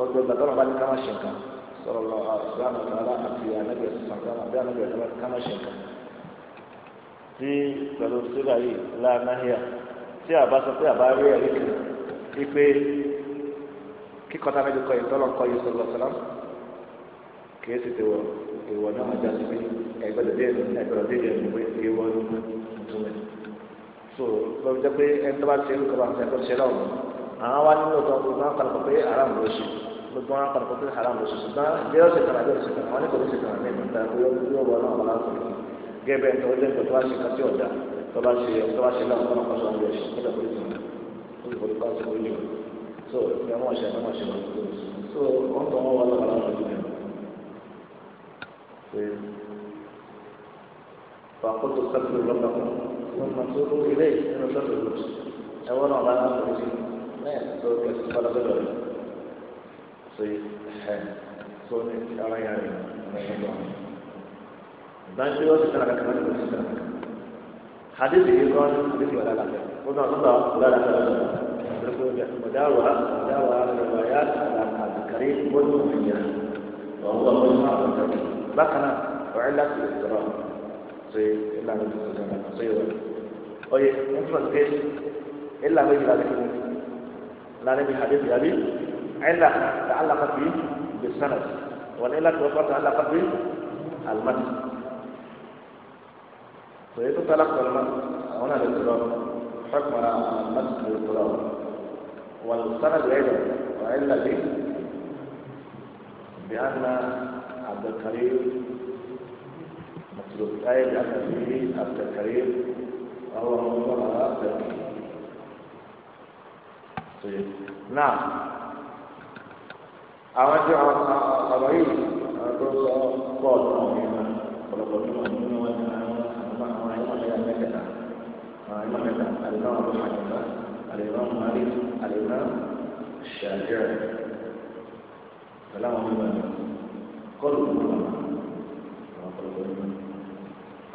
ọjọ́ gbàtọ́nà bá ní ká má ṣe nǹkan sọ̀rọ̀ lọ àṣìláàmù tààrà àti ànábì ẹ̀sùn àgbàmà bí ànábì ẹ̀sùn ká má ṣe nǹkan. tí pẹ̀lú sílà yìí lánàáhíà tí àbá sọ pé àbá rí ẹ̀rí kan kí pé kíkọ́ tá a méjì kọ́ yìí tọ́lọ̀ yìí sọ̀rọ̀ sọ̀rọ̀ kìí sì ti wọ ìwọ náà já sí pé ẹgbẹ́dọ̀ dé ẹ̀dùn ẹgbẹ́dọ̀ dé ẹ̀dùn pé ìwọ ló ń mú mẹ́. so lọ́wọ́ jẹ́ pé ẹni tó bá ti ẹ̀rù kọ́ bá ń sẹ́kọ̀ọ́ àwọn wá nínú ọ̀tọ̀ gbogbo wọn kàlùkọ pé haram ló ṣe gbogbo wọn kàlùkọ pé haram ló ṣe ṣùgbọ́n bí ó ṣe kàlà bí ó ṣe kàlà wọn ní kò ní ṣe kàlà ní ìgbà pé ó ní ọ̀rọ̀ náà wọn láti rí gẹ́gẹ́ bẹ́ẹ̀ tó jẹ́ nǹkan tó wá ṣe kàtí ọ̀dà tó bá ṣe tó bá ṣe láwọn ọ̀nà kọ́sọ̀ ọ̀gbẹ̀ ṣe nígbà pé ó ti kọ́ ṣe kó yẹ so ìgbà wọn ṣe wọn ṣe wọn so wọn tọ́ wọn wà lọ́wọ́ láwọn ọ̀dọ́ فقلت استغفروا ربكم ثم توبوا اليه ان صدقوا اولا على امر náà tó ẹsùn pálọ́sọ̀rọ̀ rẹ̀ ṣe ẹ̀ tó ní ara yà rẹ̀ lẹ́yìn lọ. ìbáṣe ọ̀sẹ̀ náà kàkà náà lọ́sẹ̀ náà kàkà. حديث يقول حديث ولا لا قلنا قلنا لا لا لا لا مداوى مداوى الروايات على عبد الكريم والمؤمنين وهو مجمع بقنا وعلة الاضطراب سي إلا من الزمان سيوة أي نفس الكيس إلا من ذلك لا نبي حديث أبي علة تعلقت به بالسند والعلة الأخرى تعلقت به المد فإذا تلقى المد هنا الاضطراب حكم على المتن والسند أيضا وعلة به بأن عبد الكريم مطلوب أي بأن فيه عبد الكريم وهو موضوع عبد الكريم tó yẹ náà àwọn tí wọn ọ̀rọ̀ yìí àwọn tó sọ bọ́ọ̀lù náà wọn yẹn ọ̀pọ̀lọpọ̀ nínú wọn nínú wọn ní àwọn àwọn ẹ̀yọ́ mẹ́ta mẹ́tẹ̀ẹ̀ta àwọn ẹ̀yọ́ mẹ́ta àdéhùn àwọn ọmọ àyẹ̀fà àdéhùn àwọn àlè àdéhùn ṣàjẹ́ pẹ̀lú àwọn ọmọ ìgbà kọ́lù nínú wọn àwọn ọ̀pọ̀lọpọ̀ nínú wọn.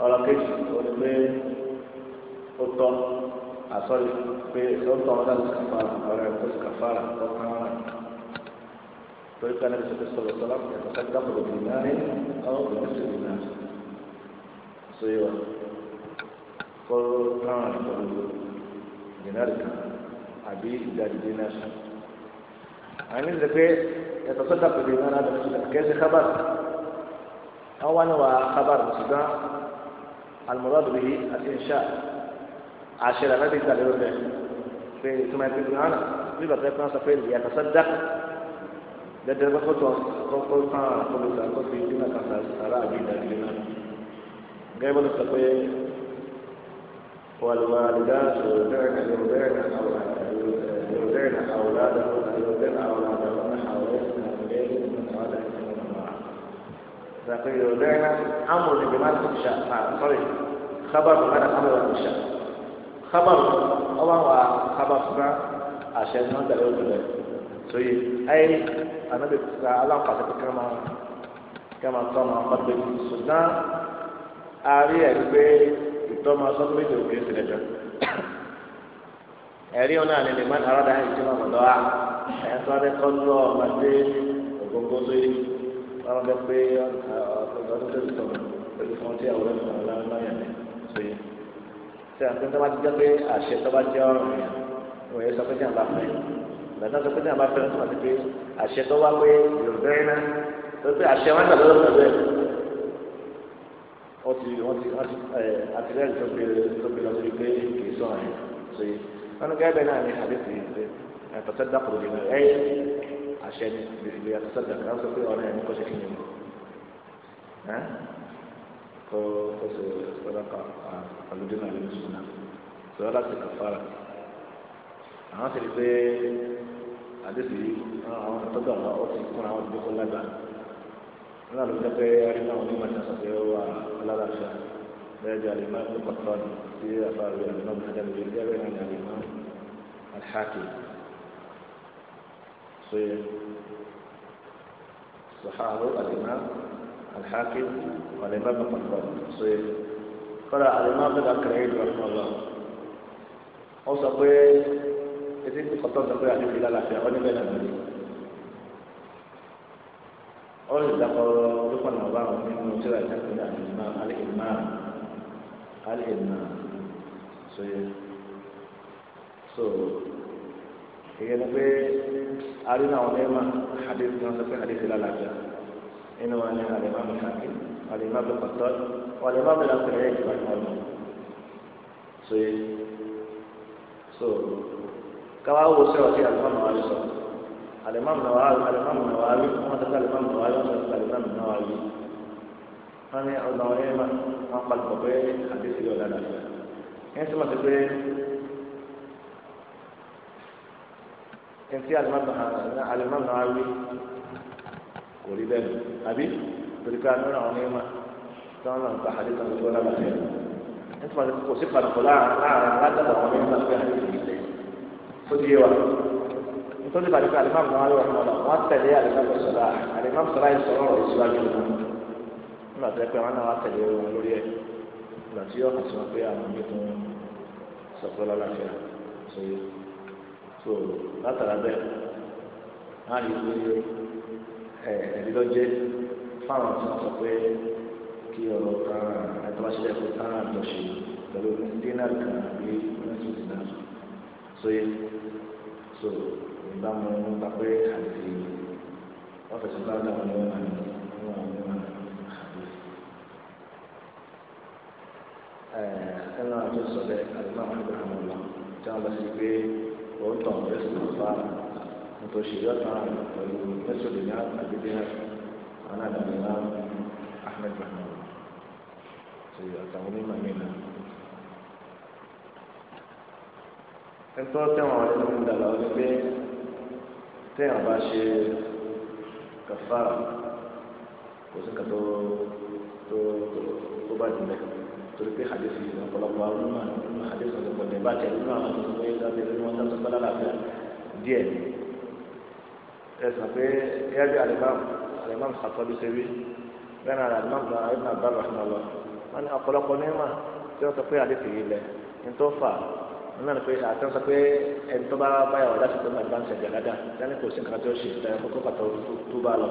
ọ̀rọ̀ kejì ó ti gbé ó tọ́ àsọ̀rí pé lọ́tọ̀ ọ̀dà ló sì pa ọ̀rẹ́ tó sì kàfàrà tó kàrà torí ká lẹ́nu sọ̀rọ̀ sọ̀rọ̀ sọ̀rọ̀ yàtọ̀ ká dákòrò bì náà ní àwọn òbí sì bì náà sọ yẹ wa kọ́ kàrà pẹ̀lú dìnnárì kan àbí ìdajì dìnnárì kan. àní ń dẹ́gbẹ́ yàtọ̀ sọ̀rọ̀ dákòrò bì náà lọ́dọ̀ sí kẹ́sì kábàr àwọn wà ní wà kábàr mùsùlùmá àlùmọ́rọ́ bìbí àti ìṣá عشرة لا تجزع لربع في ثم يكون أنا بيبقى طيب ناس فين يا تصدق ده بخطوة كل كل كان كل كان كل في دينا كان سارا بيدا دينا جايب لك تقوي والوالدات يرضعن يرضعن يرضعن أولادهن يرضعن أولادهن حوالين حوالين من حوالين تقول يرضعن أمر بمعنى خبر خبر بمعنى خبر والمشاء kábàrù ọba wà kábàfúrá àṣẹ ní wọn tẹlẹ ojú rẹ sóye ayé anabi kúta aláǹfààní pé ká máa ká máa tọ́ máa pàdé ṣùgbọ́n àárí ẹ̀rí pé ìtọ́ máa sọ méjì òkè sílẹ̀ jọ ẹ̀rí ọ̀nà àná ni mọ́ni aráda yẹn ti máa lọ́wọ́ ẹ̀yẹ tó adé kọ́jú ọ̀mọdé ògógó sóye wọ́n bẹ pé ọ̀dọ́ tó tó tó tó tó tó tó tó tó ṣe àpẹẹrẹ tó bá ti jẹ́ pé àṣẹ tó bá jẹ́ ọ̀rọ̀ yẹn wọ́n yẹ sọ pé jẹ́ àbá fẹ́ gbàdá sọ pé jẹ́ àbá fẹ́ tó àti pé àṣẹ tó wá pé yorùbá iná tó pé àṣẹ wọn gbàdá lọ́sọ̀ bẹ́ẹ̀ wọ́n ti wọ́n ti àtìlẹ́yìn tó gbé tó gbé lọ pé kì í sọ àyè so yìí wọn gẹ́gẹ́ bẹ́ẹ̀ náà ni àdéhùn yìí pé ẹ̀tọ́sẹ́ dàpọ̀ lè mọ ẹ̀yẹ àṣẹ ni bìbìbì àtọ́sẹ́ dàpọ̀ kó kó ṣe sọdọkà àlùdínà lè sùnà sọdọ láti kàfàrà àwọn sì rí pé àdéhùn yìí àwọn tọ́jú àwọn ọtí kún àwọn ìdókòó lágbà nínú àlùkò jẹ́ pé arínà òní máa ṣe àṣàṣe wà alálàáfíà bẹ́ẹ̀ bí alimá tó pàtó àdì sí àfàrí alimá tó pàtó àdì bẹ́ẹ̀ bẹ́ẹ̀ ní alimá alhaki sọ yẹ sọ ha àlọ́ alimá. الحاكم والإمام بن الصيف قال الإمام بن أكرعين رحمه الله أوصى به إذن الخطاب تقول عن الخلال العافية أولي بين المدينة أولي تقول يقول الله من مجرى تقول عن الإمام الإمام الإمام صيف so ìyẹn ni pé arínà ọ̀nà ẹ̀ máa hadith náà sọ pé hadith ìlàlàjà. إنه أنا الإمام الحاكم والإمام القتال والإمام الأقرعي رحمه الله سي سو كما هو سوى في الإمام النووي الإمام النووي الإمام النووي ما تقال الإمام النووي ما تقال الإمام النووي أنا النووي ما ما قال بقي حديث يولا لا يعني سمعت بقي كان في الإمام النووي kò rí bẹ́ẹ̀ lọ àbí torí pé anúra àwọn ẹ̀ma tí wọ́n lọ ń gba àdéhùn àti ọ̀la bàtẹ́ ẹ̀ nítorí kò sí pàtàkì láàárín aládàbà àwọn ẹ̀ma pé àdéhùn ìlẹ̀ tó di yé wa nítorí pàtàkì alimami náà wà lọ́wọ́ wọn tẹ̀lé alimami sọ̀rọ̀ alimami sọ̀rọ̀ yìí sọ̀rọ̀ ọ̀rọ̀ ìṣúwájú wọn nígbà tó yẹ pé wọn náà wà tẹ̀lé wọn lórí ẹ̀ nígbà tí yóò wọn pé àwọn ẹ̀rí lọ́jẹ́ fáwọn tí wọ́n sọ pé kí ọ̀rọ̀ kan ẹ̀tọ́wáṣẹ́lẹ̀ kó tán àjọṣe pẹ̀lú dínà kan bí mẹ́sùn dínà sóyè so ìbámu nípa pé àti wọ́n fẹ̀sùn bá dàbọ̀ ní wọn àná wọn àwọn ọmọ àbí. ẹnu àti sọ̀rọ̀ àti máa ń gbà wọn lọ tí wọ́n bá ti gbé òótọ́ ọ̀rẹ́sì náà bá متوشيات ويسر الإمام أبي بها أنا أبي الإمام أحمد محمود سيأتوني مأمينا ẹtọ́ tẹ̀wọ̀n ọ̀rẹ́ ló ń dàgbà wọlé pé tẹ̀wọ̀n bá ṣe kàfà kò sí kàtó tó tó bá jù mẹ́kà torí pé hadith yìí ọ̀pọ̀lọpọ̀ àwọn ọmọ àdéhùn ọ̀dọ́gbọ̀n ní bá tẹ̀lé nínú àwọn àti ìwé ìdájọ́ ìwé wọn tó sọ pé lálàáfíà díẹ̀ ẹ̀sìn pé yẹ́bi alimam. alimami sàkọ́bí sẹ́bi bẹ́ẹ̀ náà alimami náà ayé náà bá lọ́sùn lọ wọ́n ní ọ̀pọ̀lọpọ̀ níma tí wọ́n sọ pé adé fìyí lẹ̀ ní tó fà wọ́n náà pé àti wọ́n sọ pé ẹni tó bá báyà wọ́n dáṣẹ́ tó máa bá ń sẹ̀dẹ̀ ládà yẹ́nì kò sí nǹkan tó ṣe ìtàn kókó pàtó tó bá lọ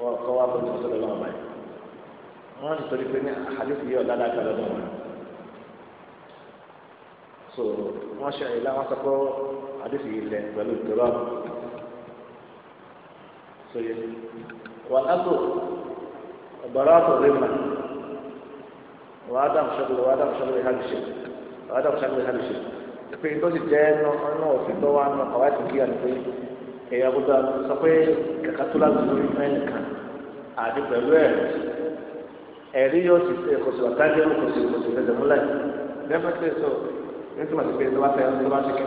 wọ́n kọ́ wá fún ìtọ́sọ́lọ́ lọ́wọ́ báyìí wọ́n ti torí pé ní adé fìyí ọ̀ so wọ́n ṣe àyè láwọn sọ pé adé fìyí lẹ̀ pẹ̀lú ìtọ́lọ́ sọyẹ wà látò ọ̀bàrà àtọ̀ rẹ̀mà wà á dàm sọ́kùlù wà á dàm sọ́kùlù ìhàlù ṣe wà á dàm sọ́kùlù ìhàlù ṣe pé tó ti jẹ́ ọ̀nà ọ̀sìn tó wà nù kàwá ti kí àti pé ẹ̀yà gbọ́dọ̀ sọ pé kàkà tó láti lórí mẹ́rin kan àti pẹ̀lú ẹ̀ ẹ̀rí yóò ti ṣe kòsì wà tájẹ́ kòsì kòsì fẹsẹ̀ múlẹ̀ lẹ́fẹ̀ẹ́ tẹ̀ sọ nítorí pé tó bá fẹ́ ẹni tó bá ṣe kí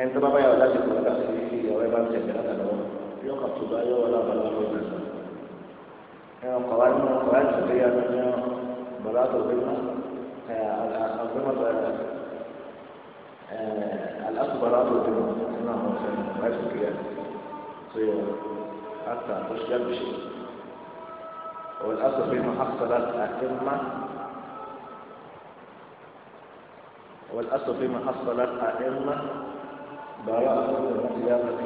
ẹni tó bá bá yà wọ́n yóò kà tó bá yọ wọn lábàlá lọ́wọ́ náà ẹran kọ̀wá ní wọn kọ̀wá ní sọ̀tẹ́ yàrá ní wọn bọ̀dá tó gbé mọ́ ẹ̀ àgbẹ̀mọ̀ tó yàrá ẹ̀ alákùbọ̀dá tó gbé mọ́ nínú àwọn ọ̀sẹ̀ ní wọn láti kiri àti tó yọ àtà tó ṣe àbíṣe والأصل بينه حق صلاة أتمة والأصل بما حصلت أئمة براءة من قيامة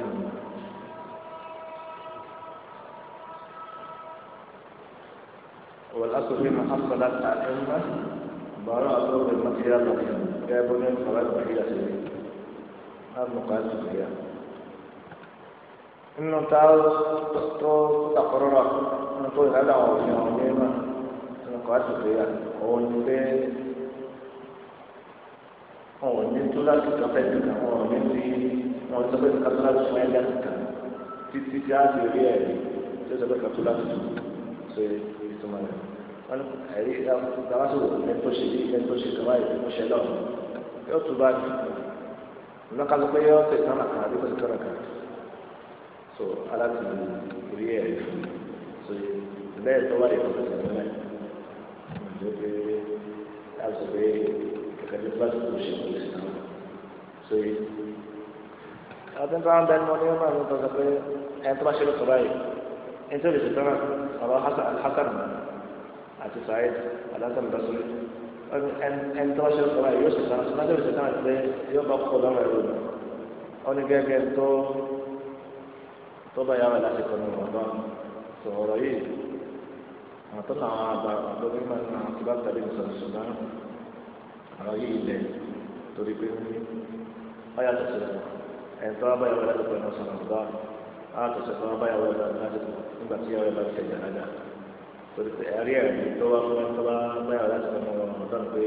والأصل في محصلات الأئمة براءة ضرب المسيا الرحيم باب صلاة بحية سبيل هذا مقال الخيام إنه تعالى تقرر أن تقول هذا هو في عميمة مقال الخيام هو البيت هو البيت لا تتفيد هو البيت wọn sọ pé katolá tó fún ẹgbẹ́ kan títí tí a ti rí ẹ̀rí tí ó sọ pé katolá tó fún ṣe tó máa lọ wọn ní àìrí ìdá ìdáwà sí òun ẹni tó ṣe bí ẹni tó ṣe kàwá ìlú tó ṣe lọ yóò tún bá mi ìná ká ló pé yóò tẹ kánà kan àbí kòtò kánà so aláàtì orí ẹ̀ rí fún so bẹ́ẹ̀ tó wáyé fún ọ̀sẹ̀ mẹ́rin ló pé láti pé kẹ̀kẹ́ tó bá tó so àti nípa bẹ́ẹ̀ ni wọ́n ní wọ́n máa ń tọ́ka pé ẹni tó ẹjọ́ lè ṣètò náà ọ̀rọ̀ alhassan àti saheed alhassan basiri ẹni tó ṣe sọ̀rọ̀ yóò ṣètò náà ṣùgbọ́n ẹjọ́ lè ṣètò náà pé yóò bá kó lọ́rọ̀ ẹ̀rọ rẹ̀ wọ́n ní gẹ́gẹ́ tó tó bá yàrá láti kọ́ ní ọ̀dọ́ sọ̀rọ̀ yìí àwọn tó náà àgbà àgbà mímọ́ náà ti bá tẹ̀lé ìṣòro ṣùgbọ́n ọ̀rọ̀ yìí lẹ̀ torí pé ó yàtọ̀ sí ẹ̀ńtọ́ abáyọ̀ láti kọ́ ní ọ̀dọ́ á tó sọ̀tọ̀ wọn báyàwó ẹ̀ báyàwó láti mọ̀ nígbà tí yàwó ẹ̀ bá ṣẹ̀dá dáadáa torí pé ẹ̀rí ẹ̀rí tó wá fún ẹ̀tọ́ bá báyàwó láti mọ̀ wọn mọ̀ tán pé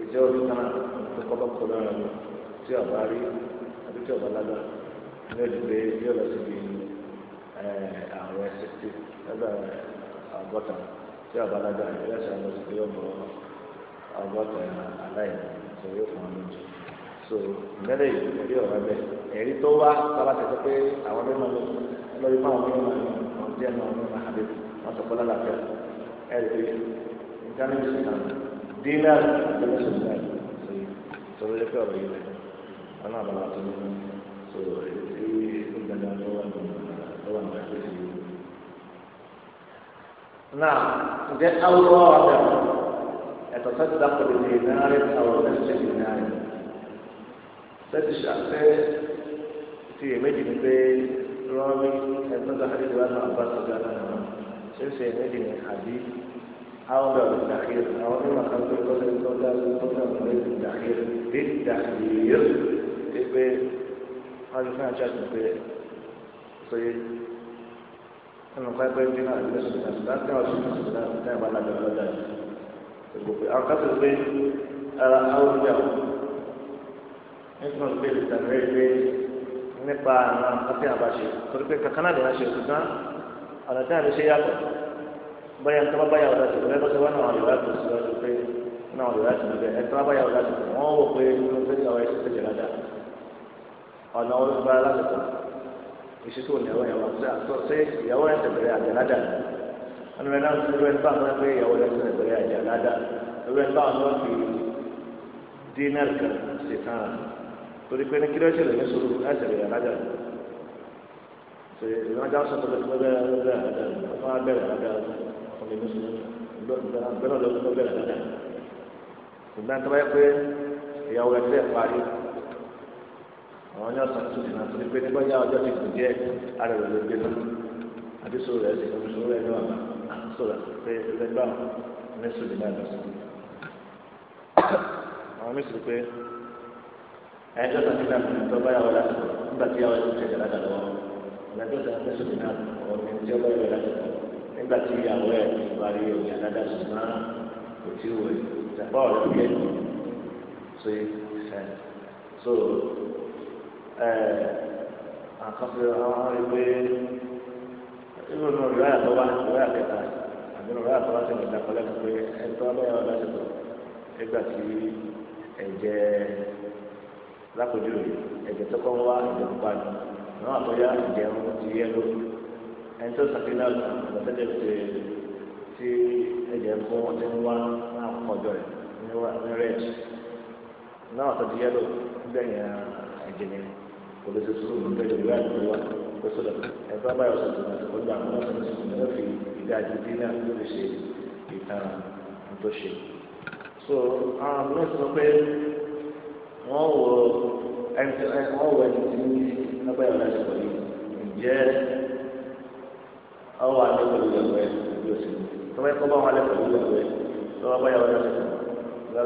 ìjọ orí kan tó kọ́ bọ́kọ̀ lọ́rọ̀ lọ tí ọ̀bá rí àbí tí ọ̀bá lágbà ní òdì pé yóò lọ síbi àwọn ẹsẹ̀ tí lágbà àgọ́ta tí ọ̀bá lágbà ẹ̀rẹ́ so ìgbẹ́lẹ̀ ìrírí ọ̀rọ̀ bẹ̀ ẹ̀rí tó wá sábà tẹ̀sẹ̀ pé àwọn mímọ́ lọ lórí fáwọn mímọ́ lọ wọn jẹ́ náà wọn máa hàbẹ́ wọn sọ fọlá làbẹ́ ẹ̀rí pé ìdánilẹ́sìn náà dínà ìdánilẹ́sìn náà so lórí pé ọ̀rọ̀ yìí lẹ́nu wọn náà bàbá tó nínú so èyí tó gbẹdẹ tó wà nù tó wà nù ẹgbẹ́ sí i. náà ǹjẹ́ awúrọ̀ ọ̀rọ̀ ẹ̀tọ́ sẹ́tì dákọ̀ọ́ sẹ́tì ṣàfẹ́ ti èméjì ní pé rọ́ọ̀mì ẹ̀gbọ́n tó hàdí ìwà náà bá sọ̀gá náà ṣe ń ṣe èméjì ní àbí àwọn ọ̀dọ́ ìdàkìr àwọn onímọ̀ kan tó tọ́jú tó dájú tó tọ́jú tó tọ́jú ìdàkìr bí ìdàkìr ti pé wọ́n ti fún àjọ àti pé sọyé ẹnu kọ́ ẹgbẹ́ bí náà ìgbésùn náà láti náà ṣùgbọ́n ṣùgbọ́n náà ní ìbálàjọ lọ́jà ìgbòkè àwọn kásìlú pé ara nítorí pé lè tàbí rẹ pé nípa àwọn àti àbáṣe torí pé kankan náà lè wá ṣe ṣùgbọ́n ọ̀nà tí a lè ṣe yàtọ̀ bóyá nítorí báyà ọ̀dà tó lẹ́nu tó wà náà lè wá tó sí ọdún pé náà lè wá tó bẹ̀ ẹ̀ tó báyà ọ̀dà tó wọ́n wò pé nínú pé ọ̀rọ̀ ẹ̀ṣin tó jẹ̀ lọ́dà ọ̀nà olùgbà alákòókò ìṣètò ìyàwó ìyàwó àti ìyàwó ẹ̀ṣẹ̀ bẹ̀rẹ̀ àjẹ̀ládà ọ̀nà mẹ́ta ń sọ ẹni báwọn pé ìyàwó ẹ̀ṣẹ̀ bẹ̀rẹ̀ àjẹ̀ládà ẹni báwọn lọ́ọ́ fi dínà kan ṣètàn torí pé ní kí ló ṣẹlẹ̀ ní sòrò ẹsẹ̀ rẹ̀ alájà rẹ̀ ṣe ìrìnàjà sọ pé kí ló bẹ̀rẹ̀ alájà rẹ̀ wọ́n máa bẹ̀rẹ̀ alájà rẹ̀ wọ́n lè ní sòrò bẹ́ẹ̀ lọ ló bẹ̀rẹ̀ alájà rẹ̀ ṣùgbọ́n tó bá yẹ pé ìyàwó ẹ̀ fẹ́ parí àwọn ní ọ̀sán tó dìnnà torí pé nígbà yá ọjọ́ ti kù díẹ̀ ara rẹ̀ ló gbé ẹjọ́ tó ti náà fún mi tó bá yàwó lásìkò nígbà tí yàwó ti tẹ̀lé lága lọ́wọ́ ẹjọ́ tó ti sùn náà ọ̀rọ̀ tí ó bá yàwó lásìkò nígbà tí yàwó ẹ̀ ti parí òyìn alága sùn náà kò tí ò wẹ̀ ìjàmbá ọ̀rọ̀ kẹ́ so ẹ so ẹ àkànṣe àwọn ẹgbẹ́ irú ní ọ̀rọ̀ àtọ́ wa ọ̀rọ̀ àkẹta àbí ọ̀rọ̀ àtọ́ wa ti ń gbà pẹ́lẹ́ lápòjú rẹ̀ ẹ̀jẹ̀ tó kọ́ wá ẹ̀jẹ̀ ń pa ni àwọn àbọ̀yá ẹ̀jẹ̀ ń ti yẹ ló ẹni tó sàkí náà lọ́sẹ̀dẹ̀ ṣe tí ẹ̀jẹ̀ ń fún ọtí ń wá náà kọjọ rẹ̀ ní rẹ̀d náà tó ti yẹ ló gbẹ̀yìn ẹ̀jẹ̀ ni kò lè ṣe sùúrù ní bẹ́ẹ̀ lórí àdúgbò wa kó sọ̀rọ̀ ẹ̀fọ́ báyọ̀ sọ̀tún àti kọjá àwọn ọ̀sán ní fi ìdá àdúgbò náà ló fi ṣe ìtara tó ṣe. so àwọn mẹ́sàn-án pé wọ́n wọ ẹni wọ́n wọ ẹni tí ẹgbẹ́ ìwọ̀n náà ṣe pẹ̀lú ǹjẹ́ ọwọ́ alẹ́ pẹ̀lú ìyàwó ẹ̀ ló ṣe tọ́wọ́ ẹ̀kọ́ bá wọn alẹ́ pẹ̀lú ìyàwó ẹ̀ tọ́wọ́ bá yàwó náà ṣe pẹ̀lú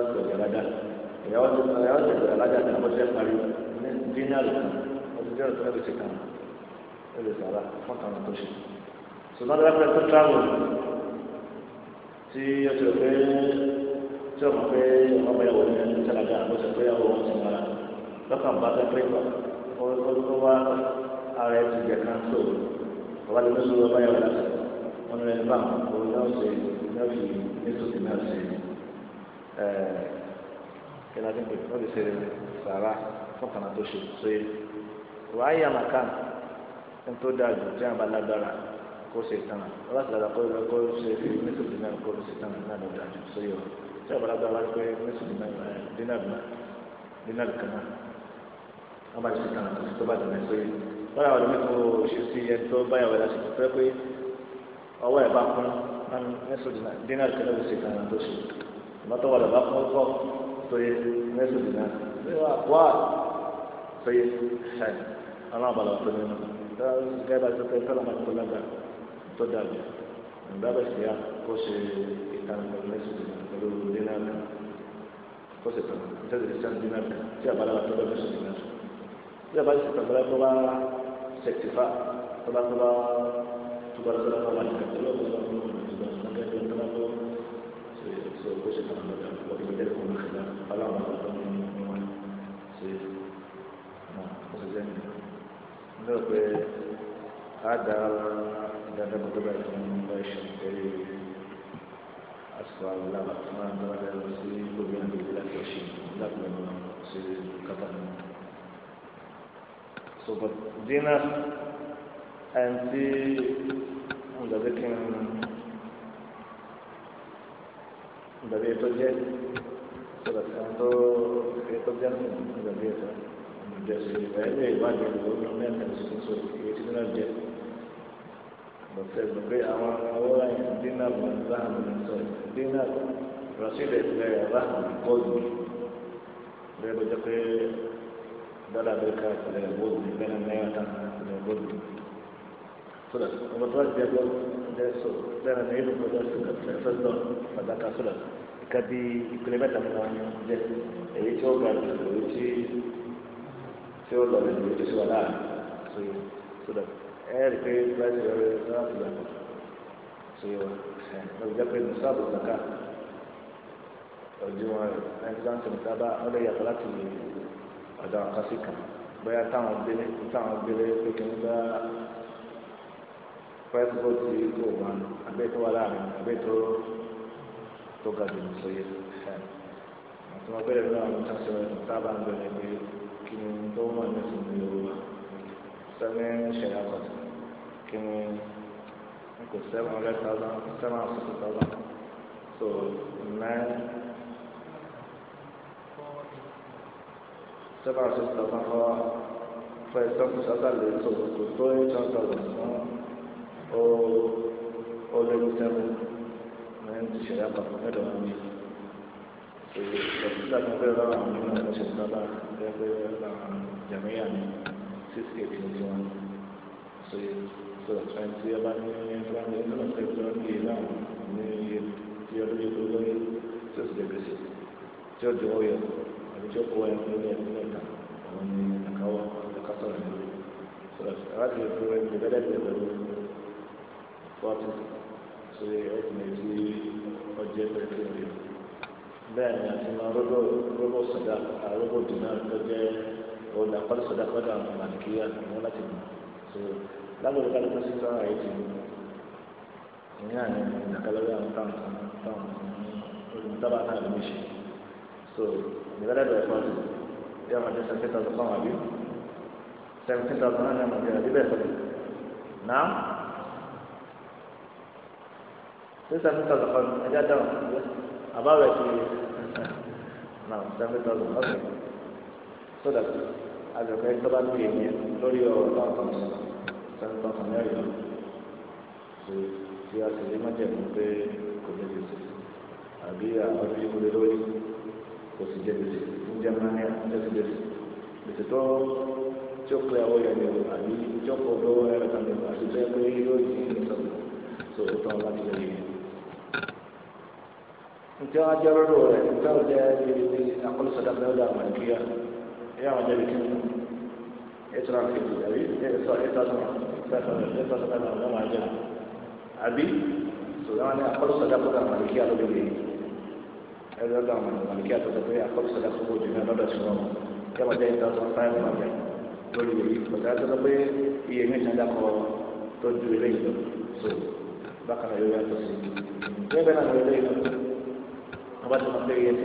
ìyàwó ìyàwó ìyàwó alájà ní ọmọdé parí dínà lọ́kàn ọdún jẹ́ ọ̀tún ẹ̀rọ ṣe kàn ó lè sàrà fún kàn tó ṣe ṣùgbọ́n tó bá pẹ́ tó tráwọ̀ tí ó ti rò pé tí wọn pé wọn bá yàwó ní ẹni sàlàgà àbọ̀ sọ pé yàwó wọn ti mara lọ́kàn bá sọ pé ó wá ara ẹ̀ ti jẹ kan tó ọba lè lọ́sọ̀ lọ́ba yàwó láti wọn lè bá àwọn ọ̀rọ̀ náà ṣe náà fi nítorí náà ṣe ẹ̀ kẹlẹ́ àdínkù wọ́n lè ṣe sàrà fọkànlá tó ṣe sóye wàá yà màkà ń dáa jù tí wọn bá lágbára kó ṣe tán ọlọ́sì dada kó kó ṣe fi mẹ́sìlì náà kó ṣe tán náà ló dájú sórí ọ tí ọ̀bọ̀lá gba wáyé pé mẹ́sìlì náà dínàbì náà dínàbì kan náà wọ́n bá ṣe tán kó ṣe tó bá dùn ẹ̀ sórí wọ́n àwọn ọ̀dọ́mí tó ṣe sí ẹni tó báyà wẹ̀ lásìkò fẹ́ pé ọwọ́ ẹ̀ bá kún mẹ́sìlì náà dínàbì kan náà ló ṣe tán tó ṣe ìmọ̀tọ́ wọlé bá kún kọ́ sóye mẹ́sìlì náà wá sóye ṣáì ọlọ́run bàlọ́ tó nínú gẹ́gẹ́ bá ṣe pé tọ́lá máa tó lágbára tó dàbí ìgbàgbọ́ sí a kó ṣe ìtàn mẹ́sìn pẹ̀lú dínà kan kó ṣe tàn ìtẹ́sí ìṣẹ́ dínà kan tí àbálá tó dàbí sí dínà kan tí àbálá sì tàn bọ́lá tó bá ṣèkìfà tó bá tó bá tó bá tó bá tó bá ṣèkìfà tó bá tó bá tó bá tó ṣe kó ṣe tàn lọ́dà wọ́n ti bẹ̀rẹ̀ kó lóṣèlú àbálá wọn tó ní wọn ṣe náà kó ṣe jẹ́ nígbà pé á dára daga buga bakin bashin dare asuwa lama kuma da wadanda su yi gobiyan da ya lafiya shi lafiya ma su yi kafan so but dina an ti da zikin da zai to je so da kan to zai to je da zai to da su yi da ya yi ba da ya zo na mai kan su so ya ci na je lọ́sẹ̀gbọ́ pé àwọn ọwọ́ ẹ̀yìn dínà bọ̀ láàmú sọ dínà rọ̀ṣílẹ̀ ìgbẹ́ láàmú kọ́ọ̀dù bẹ́ẹ̀ lọ́jọ́ pé dọ́là bẹ́ẹ̀ ká ìpìlẹ̀ ìwọ́dù bẹ́ẹ̀ náà náírà ká ìpìlẹ̀ ìwọ́dù. sọ́dà ọmọ tó wá jẹ́ lọ jẹ́ sọ lẹ́nu ní ìlú gbọ́dọ̀ sí ẹ̀fẹ́ lọ pàtàkì sọ́dà ìka bí ìpìlẹ̀ mẹ́ta mọ́ wọn jẹ́ èyí tí ó ga jù èyí tí ó lọ lẹ́nu èyí tó sì wà láàrin sọ́dà ẹ̀rí pé báyìí lọ́rọ̀ sọ́ọ́tù lọ́kọ̀ ṣe wà lọ́wọ́ jẹ́ pé mùsàbù zaka ọdún wọn rẹ̀ ẹ̀ńtí láti ní sábà wọ́n lè yàtọ̀ láti ọ̀dọ̀ àkọsí kan bóyá táwọn gbélé táwọn gbélé pé kí n bá fẹ́ẹ́sì bó ti kó wọn àbẹ́ tó wà láàrin àbẹ́ tó tó ga jù ní sóyè àti wọn bẹ̀rẹ̀ lọ́wọ́ àwọn tó ń sọ ẹ̀sìn sábà ń bẹ̀rẹ̀ pé kí n tó wọn ní sùn ní Yorùbá sẹ́mi ń ṣẹ̀yà kọ̀tún kí n kò seven hundred thousand seven hundred fifty thousand so nine seven hundred fifty thousand for for example saturday so kò tó eight hundred thousand fún o o lórí seven nine ti ṣẹlẹ̀ àpapọ̀ mẹ́ta wọn ni ìgbàsílẹ̀ tó fẹ́ lọ́wọ́ àwọn ọmọ náà ṣe sábà fẹ́ fẹ́ lọ́wọ́ àwọn jàmíyà ní six eight twenty one so so ẹni tí ẹ bá ní ẹgbẹ́ ẹgbẹ́ ẹgbẹ́ ní ilé àwọn ní iye tí ọdún yìí tó lórí tí ó sì lè gbèsè tí ó di so láti lè fún ẹni bẹ́ẹ̀ lẹ́gbẹ̀ẹ́ pẹ̀lú fọ́tù sí ẹ̀kùnrin tí ọjẹ́ ni àti máa rọ́bọ̀ rọ́bọ̀ sọ̀dá àrọ́bọ̀ dìnnà tó jẹ́ ọ̀dà pálí sọ̀dá pálí àwọn màlìkíyà àwọn so lábọ̀ ìgbà tó sì sọ̀rọ̀ àyè tìlú ìyẹn àná ìdàkálọ́wọ́ àwọn táwọn táwọn olùdábà náà ló ń ṣe so ìgbàlẹ́ bẹ̀rẹ̀ fún ọdún bí àwọn ọdún seventeen thousand pound àbí seventeen thousand náà ní àwọn ọdún àbí bẹ́ẹ̀ sọ̀rọ̀ náà ṣé seventeen thousand pound ẹjẹ́ àdáwọn àbáwẹ̀ ti náà seventeen thousand pound so that àgbẹ̀fẹ́ tó bá ń pè é lórí ọ̀rọ̀ náà tó ń sọ sẹ́ńtọ́ kan ní ọ̀yọ́ ada. tí a sì lè má jẹ̀ mú pé kò lè gbèsè àbí àwọn tí kò lè lórí kò sì jẹ gbèsè ń jẹ máa ní àtúntẹ̀ sí gbèsè gbèsè tó tí ó pé àwọn yẹn lè wò àbí tí ó pọ̀ lọ́wọ́ ẹ̀rọ kan lè wò àti tó yẹ pé yóò yí ìsọ̀rọ̀ tó o tán láti eight hundred and fifty àbí eight thousand five hundred eight thousand five hundred lọ́wọ́ àjẹ́ àbí sọ̀rọ̀ ní akọ́lùsọ̀dá kọ́ta màlìkí àlọ́gbẹ̀lẹ̀ ẹ̀rọ ọ̀gá màlìkí àtọ́jọ́ pé akọ́lùsọ̀dá kọ́kọ́ òjò ní ọlọ́dọ̀ sí wọn kẹ́wọ́n jẹ́ eight thousand five hundred lórí èyí pọ̀tà àtọ́jọ́ pé iye mi ìtajà kọ́ tó ju eléyìí lọ so bákan náà yóò yàtọ̀ sí bẹ́ẹ̀ bẹ́ẹ̀ náà eléyìí lọ wọ́n bá ti mọ̀ pé iye tí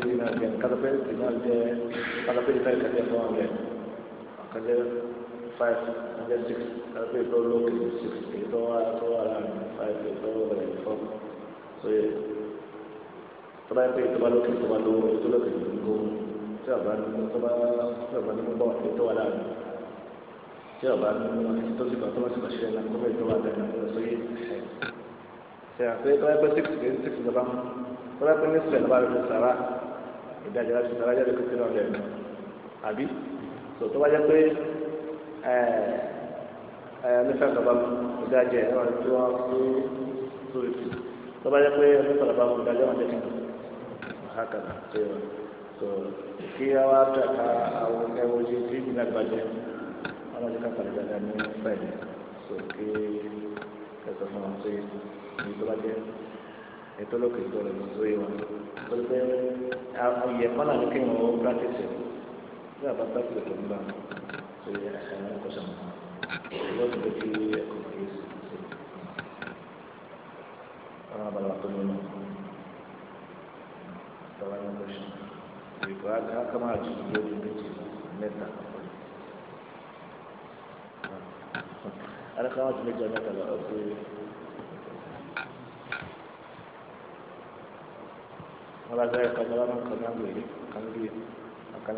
ti five hundred six ẹgbẹ́ tó lókè six èyí tó wà five èyí tó wà so yẹ tó bá yẹ pé tó bá lókè tó bá lówó tó lókè tó lówó tí ọba nínú tó bá tí ọba nínú bọ̀ èyí tó wà láàrin tí six six lọ́ba tó bá yẹ pé ní six lọ́ba rẹ̀ sàrà ìdájọ́ láti sàrà jáde kó tẹ́lẹ̀ ọ̀dẹ̀ pé ẹlẹ́fẹ̀ bàbá mu ìdájẹ́ ẹ̀ wọ́n ti wọ́n fún lórí fi tọ́ba jẹ́ pé ẹlẹ́fẹ̀ bàbá mu ìdájẹ́ wọn dẹ́kun àkàrà tó yọ tó kí wọ́n á dàka àwọn ẹwọ́n ojú tí ìgbìmọ̀ àgbàjẹ́ wọn lọ́jọ́ ká pàdé dáadáa ní fẹ́ẹ̀lì tó kí ẹ̀sọ́ fún wọn pé ní tọ́ba jẹ́ ètò lókè tó rẹ̀ lórí wọn tó pé àwọn ìyẹ̀kọ́ náà ló kí wọn ó practice ẹ̀ àbá practice ẹ̀ tó ń bá pé àṣàyàn kò sàn yóò tún bẹ kí ẹ̀kọ́ kì í ṣe ọmọ abalaba tó nínú bàbá ní kòsàn ìgbà akámá àti ìdílé ní méjì mẹ́ta alákàmá àti méjì mẹ́ta lọ sí. Wọ́n bá sáré kan ní wọ́n máa ń kan náà lóye, kan bí, kan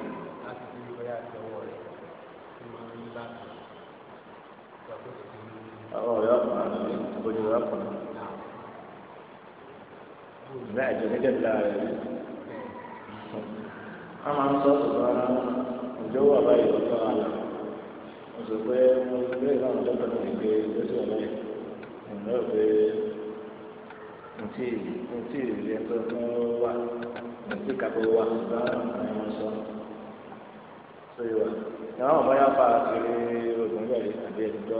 lọ́kùnrin ìgbà ìjọ ní dẹ́gbà rẹ̀ rí wọ́n máa ń sọ ọ̀sọ̀tọ̀ ara wọn òjò wà báyìí lọ́tọ̀ àlà wọ́n sọ pé mo lè láwọn ọjọ́ pẹ̀lú ìgbé lọ́sẹ̀ ọ̀la yìí ìgbà pé mo ti mo ti rí ẹgbẹ́ tó wà mo ti kàpé wà ìgbà àwọn sọ sọ yìí wà ìgbà wọn bá yà pa kiri ogun bẹ́ẹ̀ àbí ẹ̀dùn tó.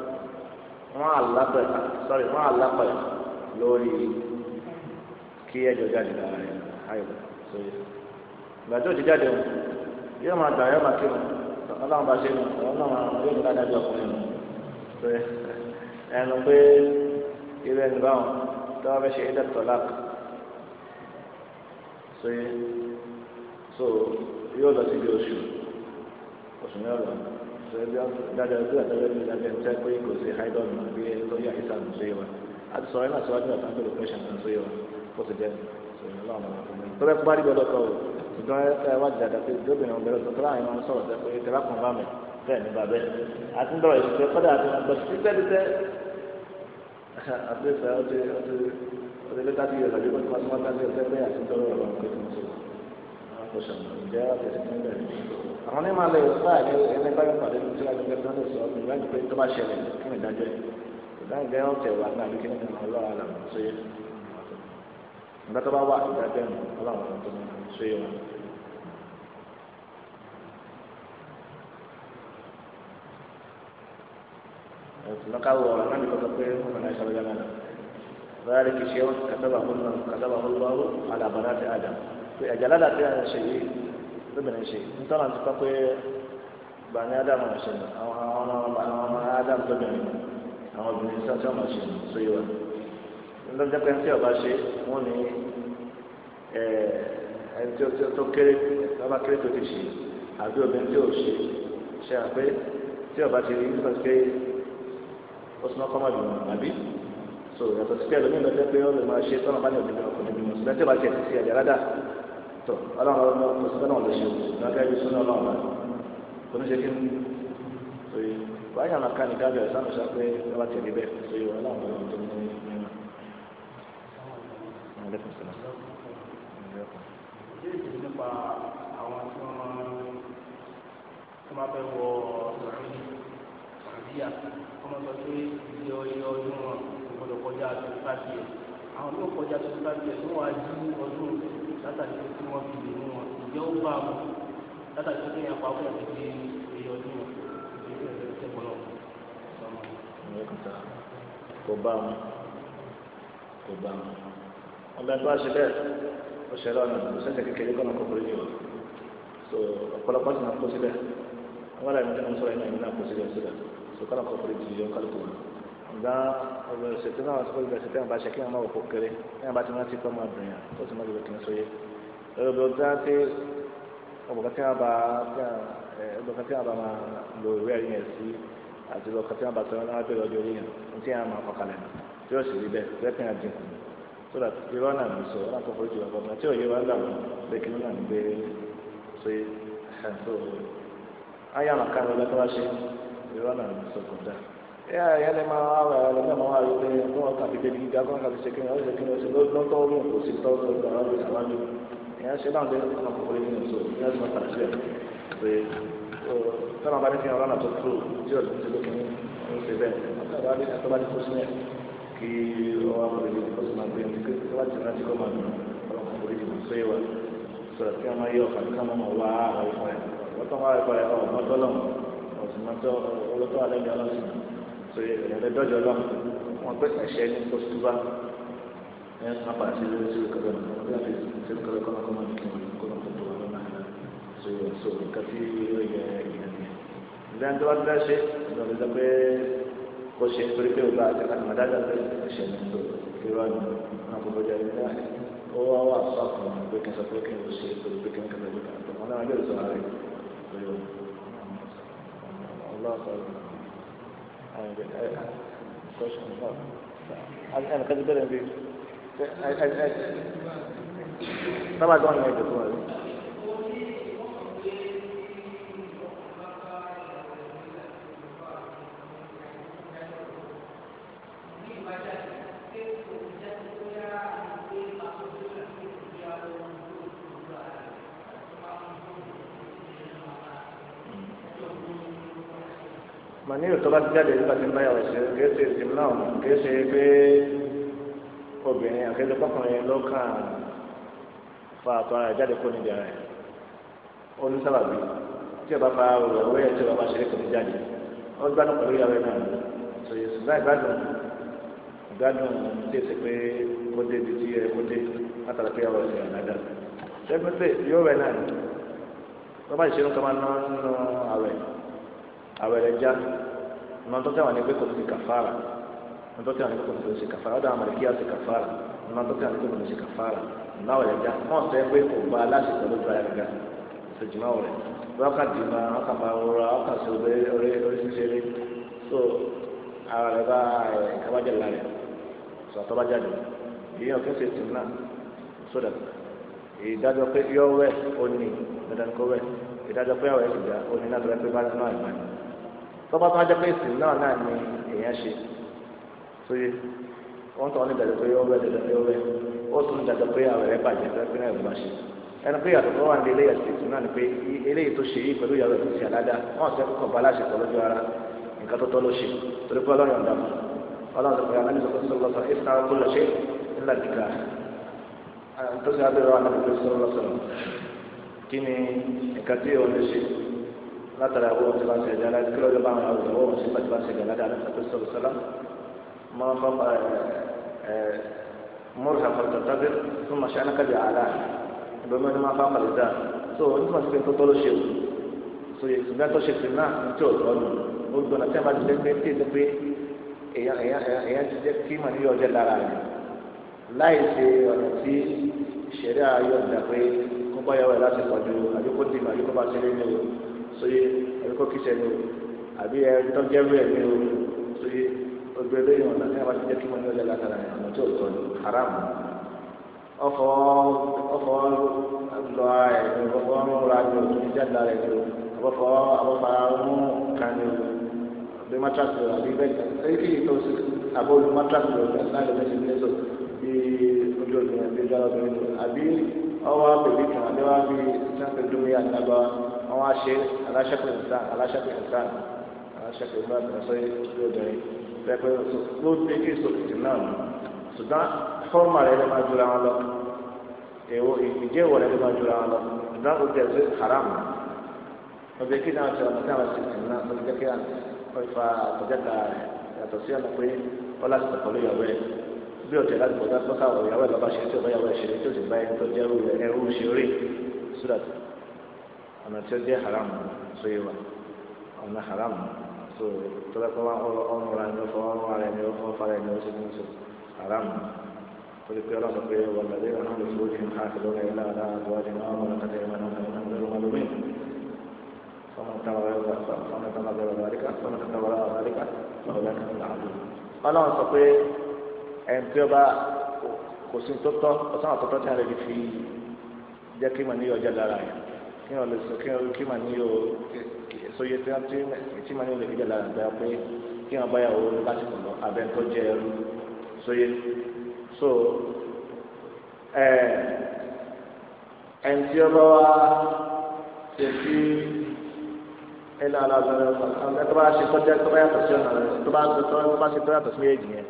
wọn àlápẹ sọrí wọn àlápẹ lórí kí ẹjọ́ jáde lára rẹ ayọ̀ sórí ìgbà tí ti jáde yóò máa gbà yóò máa kí wọn Ọlọ́run bá ṣe nù Ọlọ́run yóò ní dáadáa bí ọkùnrin nù pé ẹnu pé ẹni báwọn wọn ṣe so yóò lọ síbi oṣù oṣù dájọ́ sí àtẹ́lẹ́ mi dájọ́ ń tẹ́ pé kò sí haidon náà bí ẹni tó yá ìsà nù sóyè wa a ti sọ̀rọ̀ náà síwájú àtàwọn pẹ̀lú pẹ̀ṣẹ̀ náà sóyè wa kó sì jẹ́ sọ̀rọ̀ náà wọn kò mẹ́rin. tọ́lá bá rí gbọ́dọ̀ kọ́ o ṣùgbọ́n ẹ wá dàda pé ni bàbẹ́ àti ńdọ̀rọ̀ ìṣẹ́ kọ́dà àti ọ̀gbọ̀n títẹ́ títẹ́ àti ìfẹ́ ọtí ọtí ọtí lẹ́tà tí yẹn lọ́jọ́ pé wọ́n ti wọ́n ti tẹ́lẹ̀ àti ńdọ̀rọ̀ ọ̀gbọ̀n pé àwọn onímọ̀ alẹ́ ìfúnra ẹ̀ ẹni bá yóò pàdé ní sílẹ̀ ẹgbẹ́ tó ń lè sọ ọ́ ìgbà ìgbẹ́ tó bá ṣẹlẹ̀ kí ni ìdájọ́ yìí ìdájọ́ yẹn tẹ̀ wá náà kí ni ìdájọ́ ọlọ́run àlà ṣe é nígbà tó bá wà ìdájọ́ yẹn ọlọ́run tó ṣe é wọn. maka wa wannan da kafa yin kuma na shabar yana zalika shay'un katabahu Allah katabahu Allah ala banati adam lóbìnrin ṣe nítorí àti pápẹ́ bani ádámù ṣe ni àwọn ọmọ ádámù lóbìnrin àwọn obìnrin sáńtì ọmọ ṣe ni sóyè wa nítorí jẹ́ pé ní tí ọba ṣe wọ́n ní ẹni tí ó tó kéré ọba kéré tó ti ṣe àbí obìnrin tí ò ṣe ṣe àpé tí ọba ti rí nípa pé ó súná kọ́mọ̀ jù àbí so yàtọ̀ sí pé ẹlòmíràn jẹ́ pé ó lè máa ṣe tọ́nà bá ní obìnrin ọkùnrin bí mo sì tó ọlọ́run ọmọ sọ́nà lè ṣe lọ́gẹ́ bí sọ́nà ọlọ́run rẹ̀ kò ní ṣe kí ní sóyè wáyà máa ká ní gábẹ̀rẹ̀ sáà sọ pé ẹ bá tẹ̀lé bẹ́ẹ̀ sóyè ọlọ́run ọlọ́run tó ní mímọ́. nípa àwọn tí wọ́n máa fẹ́ wọ sàmìyà wọ́n máa sọ pé iye ọyẹ ọdún wọn kò gbọdọ̀ kọjá tó bá tiẹ̀ àwọn tó kọjá tó bá tiẹ̀ tó wàá ju ọdún látàrí pé kí wọ́n fi lè mú wọn ìjọ ó bá wọn látàrí pé kéèyàn pa ọkọ àti pé èyí ọdún wọn èyí tó ẹgbẹ́ tẹ́ bọ́lọ̀ kò bá wọn kò bá wọn ọbẹ̀ tó a bẹ́ẹ̀ ó lọ́nà kò kékeré kọ́nà kọ̀ọ̀kan yìí wọ̀ so ọ̀pọ̀lọpọ̀ ti máa kó síbẹ̀ wọ́n rà ní ọdún sọ̀rọ̀ ẹ̀ náà ní náà kó síbẹ̀ síbẹ̀ so kọ́nà kọ̀ọ̀kan yìí yọ kálukú wọn gan ọ̀rọ̀ ìṣètò náà sọ ìgbà ìṣètò àbáṣe kí wọn máa wọ̀pọ̀ kéré ní àbá tí wọn ti tọ́ máa dùn yàn tó ti máa dùn kí n sọ yé ọ̀rọ̀ bí wọ́n ti ọ̀bọ̀kan tí wọ́n bá ọ̀bọ̀kan tí wọ́n bá máa lo ìwé ẹ̀rí yẹn sí àti ọ̀bọ̀kan tí wọ́n bá sọ̀rọ̀ náà bẹ̀rẹ̀ ọdún orí yẹn tí wọ́n máa fọkànlẹ̀ tí yóò sì rí bẹ́ẹ̀ lẹ́kìn àdínkù tó dà ń dàgbà yà yà lè máa wà wà lè máa wà yọ pé kí wọn kà fi débi gíga kí wọn kà fi ṣe kí wọn ṣe kí wọn ṣe lọ́tọ́ ọ̀rùn kò sí tọ́ ọ̀rùn kò sí tọ́ ọ̀rùn ìyá ṣe dáhùn débi kọ́nà kò wọlé nínú sọ̀rọ̀ ìyá ṣe máa tàbí sílẹ̀ pé tọ́nà bá ní fi hàn lọ́nà tó tó tí ò ní ti lókun ní ṣe bẹ́ẹ̀ tó bá ní kó sílẹ̀ kí ọwọ́ àkọlẹ̀ yìí kó sì máa gbé ní kí wọ́n bá ti rántí kó máa nù ọ̀rọ̀ kò wọlé nínú sọ ìwà sọ̀rọ̀ kí wọ́n máa yí ọ̀kan kí wọ́n máa wá àwọn ìfọ̀ rẹ̀ wọ́n tó wá ìfọ̀ rẹ̀ ọ̀ mọ́tọ́lọ́mù ọ̀sùn mọ́tọ́ olótó alẹ́ ní ọlọ́sìn so èèyàn lè dọ́jọ́ lọ wọn pé ẹ̀ṣẹ̀ ní kó túbà ẹ̀yìn kan bá ṣe lórí sílùú kọ́lọ́ ní ọdún àti sílùú kọ́lọ́ kọ́lọ́ ní kíwọ́n kọ́lọ́ tó wà lọ́nà àná so so nǹkan tí yóò yẹ ìyẹn ni ìdá ń tọ́wọ́ dá ṣe ìdá ń tọ́ pé kó ṣe torí pé òbá àti àti màdájà pé ẹ̀ṣẹ̀ ní tó kí wọ́n ní wọn kò bọ́jà ní dáa ó wá wà sọ́ọ̀kan pé kí أنا خدت بالي من دي طبعا جوانا ما يدخلون bá ti jáde nípa ti ń báyàwó ṣe kìí ṣe ìsinmi náà kìí ṣe pé obìnrin àkẹ́lẹ́ pọ́kùnrin ló kàn fa àtọ́ ara jáde kó níbi ara ẹ̀ ó ní sábàbí tí ọba fa òwò ẹ̀ tí ọba ṣe é kò ní jáde ó gbádùn pẹ̀lú ìyàwó ẹ̀ náà sòye ṣùgbọ́n ìgbádùn ìgbádùn tí èsì pé kó dé ibi tí ẹ kó dé látara pé ọ̀rọ̀ ṣẹ́gbẹ́sẹ̀ yóò rẹ̀ náà wọ́n bá ìṣẹ́nu kan máa ń ná àwẹ̀ àwẹ̀ rẹ̀ já ìmọ̀n tó tẹ̀wọ̀n ni pé kò ní ṣe kàfàrà ìmọ̀n tó tẹ̀wọ̀n ni pé kò ní ṣe kàfàrà ọ̀dọ̀ àwọn àlèkíyà ṣe kàfàrà ìmọ̀n tó tẹ̀wọ̀n ni pé kò ní ṣe kàfàrà ìmọ̀wọ̀ rẹ̀ já wọ́n sọ pé kò gba aláṣẹ pẹ̀lú ìgbà rẹ̀ ga ṣèjìmáwò rẹ̀ wákà dìmọ̀ wákà máa rọra wákà sí oríṣiríṣi so ara rẹ̀ bá ìkábàjẹ́ la rẹ̀ sọ̀tọ́ bá jáde ìyẹn òfin ṣe tì náà sódà ìdájọ́ pé yọ wẹ̀ ó ní dandan kó wẹ̀ ìdájọ́ pé àwẹ̀ ìgbà ó ní náà tó rẹ̀ pé bá ti náà ìgbà ni tọ́ba tó wá jẹ́ pé ìsìn náà náà ni èèyàn ṣe sóye wọ́n tọ́ ní dàdọ̀ pé ó rẹ̀ dàdọ̀ pé ó rẹ̀ ó tún ní dàdọ̀ pé àwẹ̀rẹ̀ bàjẹ́ tó pé náà ìgbà ṣe ẹni pé yàtọ̀ tó wà ní ilé ẹ̀sìn ìsìn náà ni pé eléyìí tó ṣe yìí pẹ̀lú ìyàwó ẹ̀sìn ìsìn àdáda wọ́n sọ kọ́kọ́ bá láṣẹ pọ̀ lójú ara nǹkan tó tọ́ ló ṣe torí pé ọlọ́run ọ̀dà fún ọlọ́run tó pé alẹ́ nígbà tó látara ẹ̀wọ́ wọn ti bá ṣẹlẹ̀ dáadáa kí lọ́jọ́ bá wọn àwọn ìyàwó wọn sì bá ti bá ṣẹlẹ̀ dáadáa ní sàkóso sọ̀rọ̀ sọ́lá máa fọ́ ẹ̀ ẹ̀ mọ́rùsà fọ́tọ̀ tábí fún màṣẹ anákàbí àlá ìbọn mẹ́rin máa fọ́ àpàlẹ̀ dáa so onímọ̀ sí pé tó tọ́ ló ṣe o so ìgbà tó ṣe sí náà tí ò tọ́ nù ó gbọ́n àti àbájú lẹ́gbẹ́ tí èdè pé èèyàn ti jẹ́ kí màní yọ ọjọ́ lára rẹ̀ láì ṣe ọ̀nà tí ìṣẹ̀rí ayọ̀ ìgbà pé kó bá yàwó ẹ̀ sóyè ẹbí kó kíṣẹ ni o àbí ẹ tọ́jú ẹrú ẹ ní o sóyè gbogbo ẹgbẹ́ yìí ọ̀nà káyọ̀ bá ti jẹ́ kí wọ́n ní ọjà látara ẹ̀ ọ̀nà tí ò tọ́ ni haram ọfọ ọfọ lọ ara ẹ ní ọfọ múra ní o tún jáde lára ẹ ní o ọfọ ọfọ mú kan ní o bí matrasi rẹ àbí bẹ́ẹ̀ ẹ kí ètò àbọ̀lù matrasi rẹ náà lọ sí ilé sọ̀rọ̀ bí ojú obìnrin àbí ojú arábìnrin àbí ọwọ́ bèbí kan àbí bí sáfẹ́ dúnmí àtàgbà wọn wá ṣe aláṣẹpẹ nǹkan aláṣẹpẹ nǹkan aláṣẹpẹ nǹkan ọsọ ìlú obìnrin pẹpẹ ló gbé kí sòkìtì náà mú ṣùgbọ́n fọ́ọ̀mù rẹ̀ ló máa jura wọn lọ èwo ìjẹ́ ìwọ̀ rẹ̀ ló máa jura wọn lọ ṣùgbọ́n ó jẹ́ sí haram ọbẹ̀ kí náà ṣe ọmọdé àwọn sòkìtì náà ó jẹ́ kí wọ́n fa àtọ̀jẹ́ta rẹ̀ yàtọ̀ sí ọ̀nà pé wọ́n láti tọ̀kọ̀ ló yàwó ẹ̀ bí ọ̀tẹ̀ láti bọ̀ dá tọ́ka ọ̀yàwó ẹ̀ lọ́ba ṣe tí ọ̀bá yàwó ẹ̀ ṣe tí ó sì bá ẹni tó jẹ́ ẹrú ṣe rí sódà ọ̀nà tí ó jẹ́ haram so yé wa ọ̀nà haram so tọ́lá pé wọ́n ọ̀rùn ra ẹni ó fọ́ ọ̀rùn ara ẹni ó fọ́ fara ẹni ó sì fún so haram torí pé ọlọ́sọ pé wọ́n lè rán lè fún ojú nǹkan àti lórí ẹ̀yìn lára àbúrò àti náà wọ́n kàtà ẹ̀yìn náà wọ́n kàtà ẹ̀yìn lómi fọmọ tàbí ọ̀rẹ́ ọ̀sán fọmọ tàbí ọ̀rẹ́ àríkà fọmọ tàbí ọ̀rẹ́ kí wọn lè sọ kí wọn kí màá ní o sóye tí wọn tí màá ní o lè fi jẹ lára nígbà pé kí wọn báyà owó lásìkò lọ abẹ tó jẹ ẹrú sóye so ẹ ẹn tí ọba wa ṣe sí ẹ lọ àlọ àbẹrẹ ọba ẹ tó bá ṣe tọjá tó bá yàtọ̀ sí ọ̀nà rẹ tó bá ṣe tọ́ tó bá ṣe tọ́ yàtọ̀ sí méjì yẹn.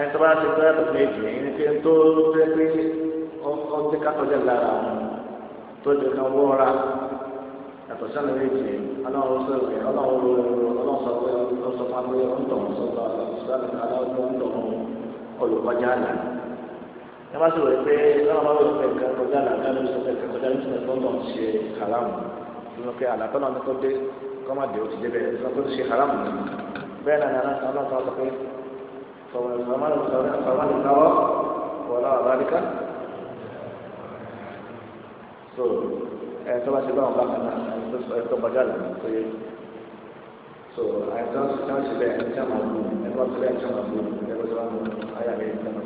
ẹni tó bá ti pẹ́ ẹ̀tọ́ méjì ẹni tí ń tó pé pé ọdún kátọ́jà lára wọn tó lè kan wọ́ra ẹ̀tọ́ sẹ́nu méjì ọlọ́run sọ pé ọlọ́run sọ pé ọlọ́run sọ pé ọ̀ńtọ̀ọ̀n sọ pé ọ̀ńtọ̀ọ̀n olùkọjá àlà ẹ má sọ pé ọlọ́run bá wọlé pẹ̀lú kọjá àlà kánú sọ pé kọjá ní sọ pé ọ̀ńtọ̀ọ̀n ṣe kàlámù ìwọ pé àlà tọ́lọ́ ní kó dé kọ́mọdé ó ti débẹ̀ ìwọ pé ó ṣe kàlámù bẹ́ẹ̀ náà ní aláǹtọ̀ ọlọ́run sọ pé سواء الزمان سواء النظر ولا ذلك so ẹ tó bá ṣe báwọn bá kan náà ẹ tó kọjá lọ pé so ẹ tó ṣe tó ṣe bẹ́ẹ̀ ẹ tó máa mú ẹ tó ṣe bẹ́ẹ̀ ẹ tó máa mú ẹ ṣe máa mú ayé àgbẹ̀ ẹ máa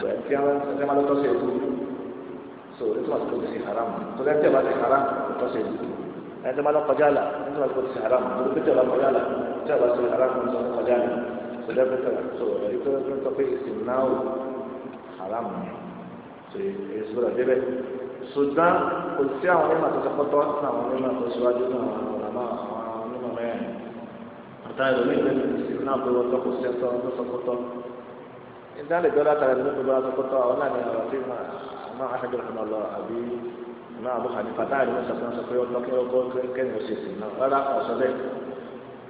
so ẹ tí wọn ẹ máa lọ tọ́ sí ẹkú so ẹ tó máa tó ṣe haram tó lẹ́tẹ̀ bá ṣe haram ẹ tọ́ sí ẹkú ẹ máa lọ kọjá lọ máa tó ṣe haram tó lẹ́tẹ̀ bá kọjá lọ ẹ haram tó lọ kọjá so therefore so ètò ẹgbẹ́ tó pé ìsìnnáwó haram ni so èyí sọ̀rọ̀ débẹ̀ ṣùgbọ́n kò sí àwọn onímọ̀ tó sọpọ́tọ́ sí àwọn onímọ̀ tó síwájú náà àwọn onímọ̀ mẹ́rin ọ̀tá ìròyìn ìgbẹ́ ìsìnnáwó pé wọ́n tọ́kù sí ẹ̀tọ́ tó sọpọ́tọ́ ìdáhùn ìgbẹ́ látara ìlú tó bá sọpọ́tọ́ àwọn náà ni àwọn tí máa aṣáájú ìfúnná lọ àbí náà àbúkà ní pàtàkì ìlú sọpọ́tọ́ sọ pé ọlọ́kẹ́ ọgọ́ kẹ́ni ó ṣe ìsìnnáwó rárá ọ̀sọ́ bẹ́ẹ̀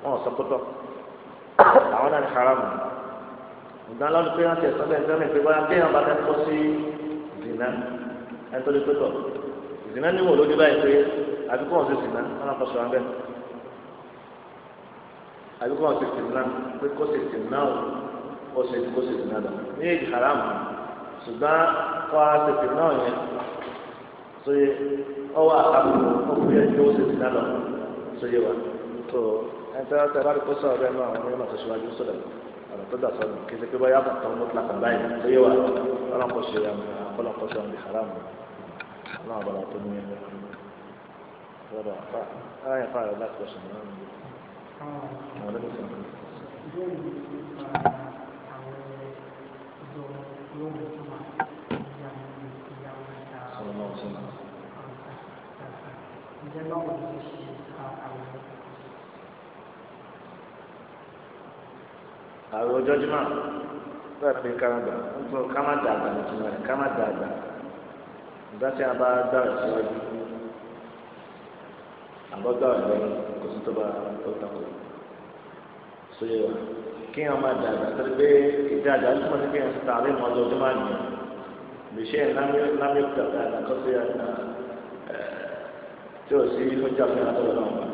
wọ́n sọpọ́tọ́ àwọn náà ní haramu ìgbà lọ́dún pé wọ́n ti ẹ̀sọ́ bẹ́ẹ̀ sẹ́mi pé wọ́n á déyàn bá fẹ́ kó sí ìdìnnà ẹni tó lè pé tọ̀ ìdìnnà ní wò lóde báyìí pé àbíkú wọn ti sì náà wọn kọ sọ̀rọ̀ bẹ́ẹ̀ àbíkú wọn ti sì náà pé kó sì sì náà kó sì kó sì sì náà lọ ní èdè haramu ṣùgbọ́n kó a sì sì náà yẹn sóye ọwọ́ àkàkùn òkú yẹn tó sì sì náà lọ sóye wa tó ẹ̀ńtẹ́ ọ̀tẹ́ bá rí kó sọ̀rọ̀ bẹ́ẹ̀ náà àwọn onímọ̀ tó ṣíwájú sọ̀rọ̀ ọ̀nà tó dà sọ̀rọ̀ kí ṣe pé bá yàtọ̀ tó mú tìlà kàbáyé tó yé wa ọlọ́nkọ ṣe ọlọ́nkọ ṣe ọ̀nà ìhàrámù ọlọ́run àbọ̀là tó ní ẹgbẹ́ lọ́dọ̀ àfà láyé fà rẹ̀ láti ọ̀sán náà ní àwọn ọ̀rẹ́ nìkan. Sọlọ́mọ́ ọ̀sán náà. àwọn ọjọ́ jùmọ̀ tó àti kánádà ń tún kánádà àgbà nìtúmọ̀ rẹ̀ kánádà àgbà nígbà tí a bá dá ìṣíwájú àbọ̀dá ọ̀gbẹ́ni kò sí tó bá tó tako sóyè wa kí wọn máa dàgbà tó ti pé ìdí àgbà tó mọ̀ ní kí wọn ti ọjọ́ jùmọ̀ nìyẹn bìṣẹ́ lámì tàbí àkọsí àná tí ò sí fún jàpé àtọ́lọ́wọ́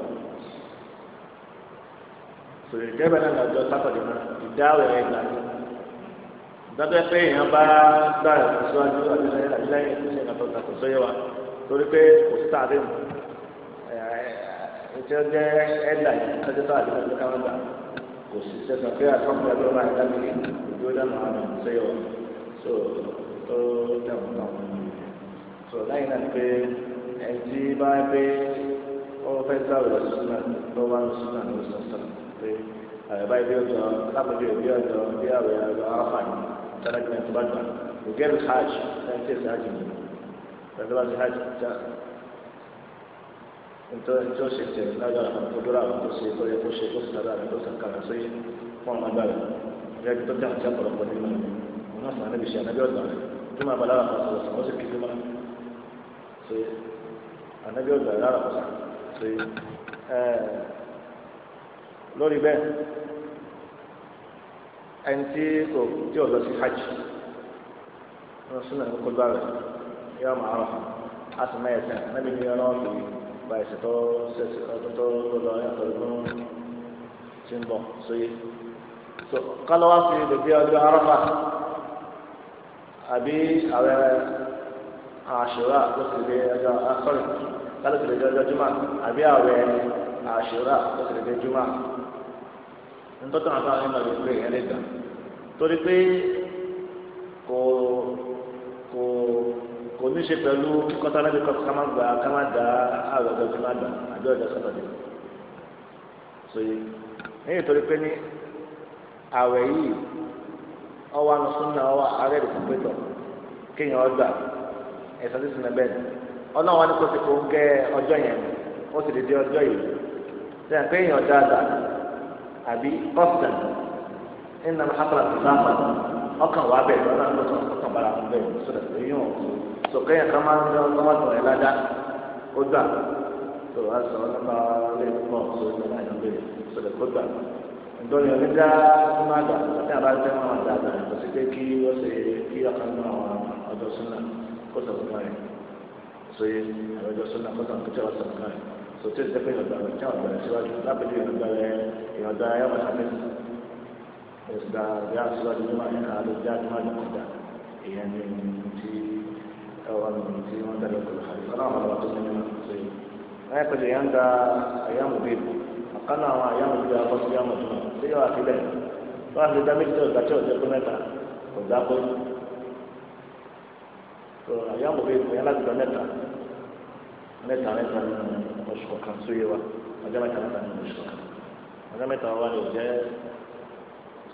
sòrè jẹ́bẹ̀ẹ́ náà lọ́jọ́ sátọ̀dé náà ìdáwọ̀ ẹ̀ gbàgbé dábẹ́ pé èèyàn bá gbà síwájú àdìlẹ́yìn ìṣe ìgbà tó ta kò sóyè wa torí pé kò sí tààdé mu ètò ẹgbẹ́ ẹ̀dà yìí kájọ́ tó àdìlẹ́ tó káwọn gbà kò sí sẹ́sọ̀ pé àtọ́kùnrin ẹgbẹ́ ọba ẹ̀dá mi ìdúró dànù àmì sóyè wa so tó dàmú náà so lẹ́yìn náà pé ẹtí bá pé ó fẹ́ sáwọ́ ìlọsùn náà lọ́wọ́ pé àyàbá ibi ọjọ́ lápẹjọ ibi ọjọ́ bí àwẹ aráfà ní tẹlẹkì náà tó bá gbà ògẹrù hajj ẹni tí èsì hajj mi pẹ̀lú bá ti hajj já nítorí tí ó ṣe tẹ lágbára àwọn tó dúró àwọn tó ṣe tó yẹ kó ṣe tó sì lára àwọn tó sì kàrà sí fún àwọn agbára ìyá ibi tó dá àti àpọ̀lọpọ̀ nínú àwọn náà sàn án lórí bẹ́ẹ̀ ẹni tí kò tí ò lọ sí hajj wọn sún náà kó gbára yóò máa rọ a sì máa ẹsẹ̀ níbi ní ọlọ́wọ́ fi gba ẹsẹ̀ tó ṣẹṣẹ tó tó lọ yàtọ̀ lọ́wọ́ tí ń bọ̀ sóyè so kálọ́ wá fi bèbí ọjọ́ arọ́fà ah, àbí àwọn àṣùrà tó sì lé ọjọ́ sọ́rí kálọ́ sì lè jẹ́ ọjọ́ jùmọ̀ àbí àwọn àṣùrà tó sì lè jẹ́ jùmọ̀ ntọ́tọ́ àbá ní ma lè kúrè yẹn lè dàn torí pé kò kò kò ní ṣe pẹ̀lú kíkọ́tà lábẹ́ kọ́ ká má gbà ká má dà àwẹ̀ ọ̀dọ̀ kí má dà àbí ọ̀dọ̀ sọ̀tọ̀dẹ̀ sòye lẹ́yìn torí pé ní àwẹ̀ yìí ọwọ́ àánú súnmọ́ ọwọ́ àárẹ̀ rẹ̀ pípé tọ̀ kéèyàn ọgbà ẹ̀sán tó sinmi bẹ́ẹ̀ ọlọ́run wa ní kó ti kó ń gẹ́ ọjọ́ yẹn ó sì àbí ọ̀sẹ̀ nínú àbúrò àtúnṣàmà ọkàn wà bẹ́ẹ̀ lọ́nà lọ́sọ̀ ọkàn bára fún bẹ́ẹ̀ sọ̀rọ̀ èyàn sọ̀kẹ́yìn kan máa ń lọ ọmọdún rẹ̀ ládá ó gbà tó wá sọ nípa ọlẹ́ pọ̀ sórí ní àjọ bẹ́ẹ̀ sọ̀rọ̀ kó gbà ǹdọ́ni onídá máa gbà láti àbájá máa dà dà kó sì pé kí ó ṣe kí ọkàn náà wà ọjọ́ súnà kó sọ̀rọ̀ kan sòtò ìdí pé ìyọ̀dọ̀ àwọn ìjọba ọ̀gbọ̀n síwájú lábẹ́lú ìyọ̀dọ̀ rẹ ìyọ̀dọ̀ ayé wọn sábẹ́ ìgbà bí a síwájú ní wàá níka ló dé àdúrà ló kọjá ìyẹn ní ti ẹwà ní ti wọn dáná kọlọ àyè kọlọ àwọn ọlọ́pàá tó ní wọn sọ yìí láyé pẹ̀lú ìyá ń da àyàmù bíi àkànnà àwọn àyàmù bíi abọ́ sí àmọ̀ tó náà sí yọ àfilẹ̀ wọn àti dá méjì ọ̀gá tí ọ̀jẹ́ pé mẹ́ta mẹ́ta mẹ́ta nínú oṣù kọ̀ọ̀kan tó yé wa ọjọ́ mẹ́ta mẹ́ta nínú oṣù kọ̀ọ̀kan ọjọ́ mẹ́ta wa lè jẹ́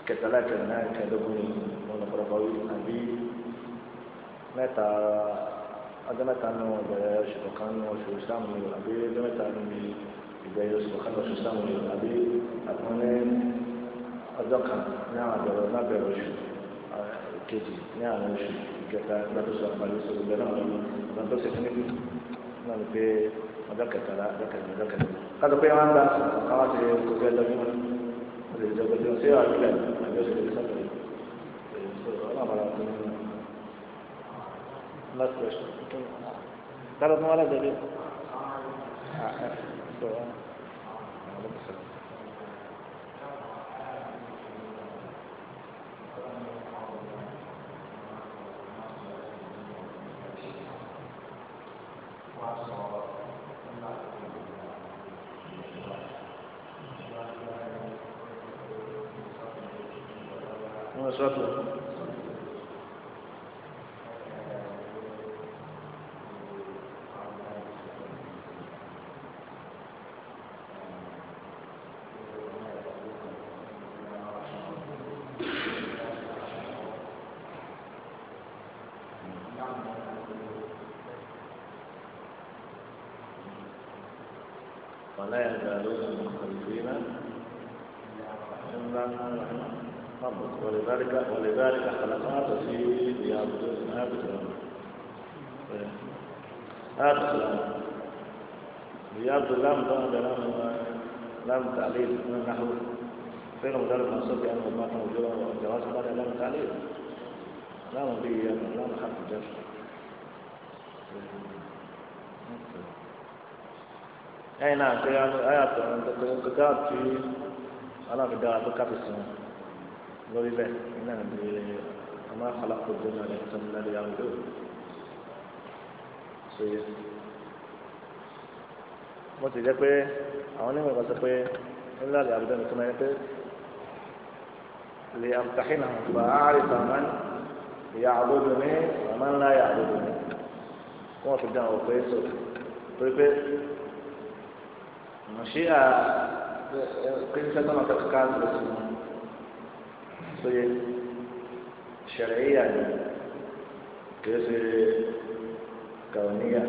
kẹtàlá kẹrìnà kẹẹ̀dógún ọlọ́pọ̀lọpọ̀ yìí àbí mẹ́ta ọjọ́ mẹ́ta nínú ìbẹ̀rẹ̀ oṣù kọ̀ọ̀kan nínú oṣù sáàmù yìí àbí ọjọ́ mẹ́ta nínú ìbẹ̀rẹ̀ oṣù kọ̀ọ̀kan oṣù sáàmù yìí àbí àpọ́nlé ọjọ́ kan ní àwọn àbẹ̀rẹ̀ lábẹ̀rẹ̀ oṣù kejì ní àwọn oṣù ìkẹta gbàdúrà pàdé oṣù náà ni pé ọjọ́ kẹtàlá ọjọ́ kẹtàlá ọjọ́ kẹtàlá kátó pé wọ́n ń bá sùn káwọn ti kó fẹ́ lọ́jọ́ wọn ó lè jọba jọ sí àwọn ìlànà àbí oṣù tó sọ̀rọ̀ Last question. That was my last video. Ah, so. sesuatu. Walaupun ada orang yang berfikiran, jangan jangan. ولذلك ولذلك خلقها في رياض هذا الأمر هذا الأمر رياض لم تعد لم تعليل من نحو فين مدرب مقصود يعني ما كان وجوده والجواز قال لم تعليل لام به لام حرف الجر أي نعم آيات كتاب في أنا في دعاء كتاب السنة lórílẹ̀ náà ni ọmọ àkàlàkò dènà rẹ̀ tó ń lẹ́rìí àwọn ìlú ṣòye. mo ti jẹ́ pé àwọn onímọ̀ ìgbà sọ pé ńlá rẹ̀ àbúdá mi tó máa ń pẹ́ lè àbùtàkì náà fà á rí tàmán ìyá àbúdó ní màmá ńlá ìyá àbúdó ní wọ́n fi dáhùn pé sọ pé pé màṣíà kí n fẹ́ tọ́nà kẹ́kẹ́ ká lọ sí wọn. sóyè ṣẹ̀rẹ̀yà ni kìí ṣe kàwọ́níyà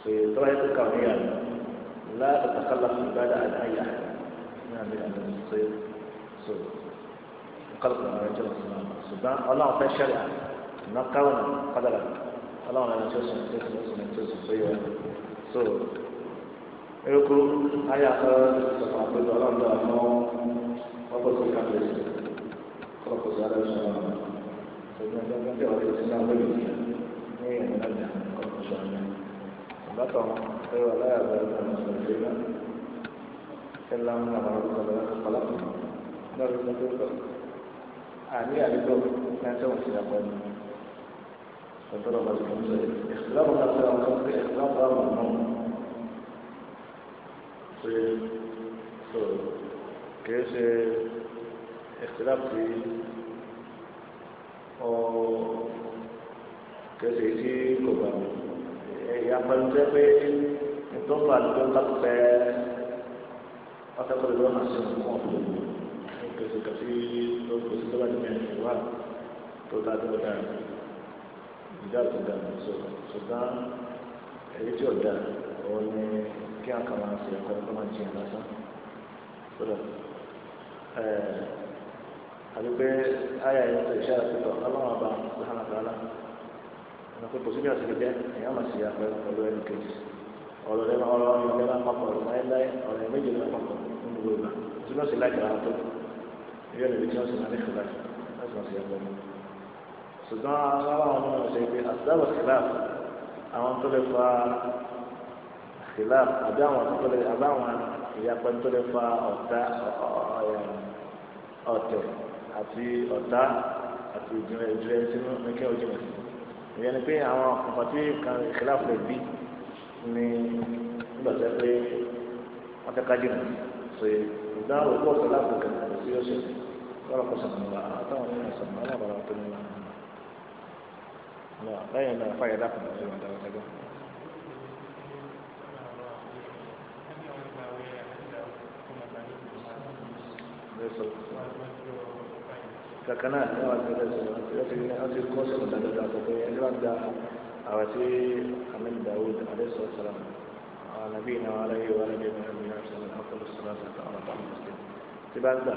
sóyè tó wáyé tó kàwọ́níyà ni láti takala fún ìbáda àdáyà náà ní àná sóyè so kálukú àwọn ẹjọ́ ìsìlámù ṣùgbọ́n ọlọ́run fẹ́ ṣẹ̀rẹ̀ àná káwọn kádàrà ọlọ́run ẹni tí ó sùn tí ó sùn tí ó sùn sóyè wọn so erékùrú ayé àkọ́ sọ̀tàn àpéjọ ọlọ́run lọ́wọ́. Bapak suka beli. Kalau besar sama sebenarnya nanti orang Islam beli. Ini yang benarnya kalau besarnya. Bapak saya wala berada dalam sejarah. Kelam nama Allah adalah kepala. Dari itu ani aliko nanti masih apa ini. Contoh apa sih? Ikhlas apa sih? Ikhlas apa sih? So, so kìí ṣe ìṣẹ́láàpì ọ kìí ṣe tí kò bá mi ẹ̀yà pẹ̀lú jẹ́ pé ìtọ́fà ló ń kápẹ́ pẹ́ pátákọ́lẹ̀ lọ́nà sí ọ̀pọ̀ kìí ṣe kàtí ló ń pèsè tọ́lá nígbà yẹn wà tó dájú ó dára ìdá tó dára ṣùgbọ́n èyí tí ó dára òun ni kí a kà máa ṣe ẹ̀kọ́ ẹ̀kọ́ máa jiyàn lásán. 不是。àdúgbò eh, ayé ayé tó ìṣe àtúntò ọlọ́run ọba ìhànà tààlà ẹni pé kò síbi àtúntò jẹ èèyàn máa ṣe àpẹ pẹ̀lú ẹni kejì ọ̀rọ̀ lẹ́nu ọ̀rọ̀ ọ̀rọ̀ lẹ́nu àpapọ̀ ọ̀rọ̀ láéláé ọ̀rọ̀ méjì lẹ́nu àpapọ̀ nínú gbogbo ìgbà tí wọ́n sì láìpẹ́ àwọn tó ìyá ìlú tí wọ́n sì máa ní ṣùgbọ́n láti máa ṣe àpẹ mọ́. ṣùgbọ́n aláwọ̀ àwọn ṣe pé àtúntàwọ̀ kìláàf àwọn tó lè fa kìláàf àbí àwọn tó lè àbáwọn ìyapa tó lè fa ọ̀tá ọ̀tẹ̀ àti ọ̀tá àti ìdìrẹ̀ ìdìrẹ̀ sínú nìkẹ́ ojúmọ̀ sí. ìyẹn ni pé àwọn ọ̀pọ̀ tí kan ìkìláàfù rẹ̀ bí ni nígbà tó yẹ pé wọ́n tẹ́ka jìnnà so ìgbà wo pọ̀ tó láàbù kan kò sí ọ̀sẹ̀ lọ́rọ̀ kó sọ̀rọ̀ nígbà àtàwọn ènìyàn sọ̀rọ̀ nígbà bàbá tó nígbà. lẹ́yìn náà fáyà dákùn Kakana, náà ní àwọn akẹ́kọ̀ọ́ sọ̀rọ̀ láti ní wọ́n ti kọ́ sọ̀rọ̀ dáadáa kọ̀ọ̀kan yẹn ní wọ́n gba àwọn tí ahmed daoud alayhi salam àwọn nàbí iná wọn aláyé wọn aláyé wọn aláyé wọn sọ̀rọ̀ akọ̀lù sọ̀rọ̀ àti àwọn àbá mùsùlùm tí bá gbà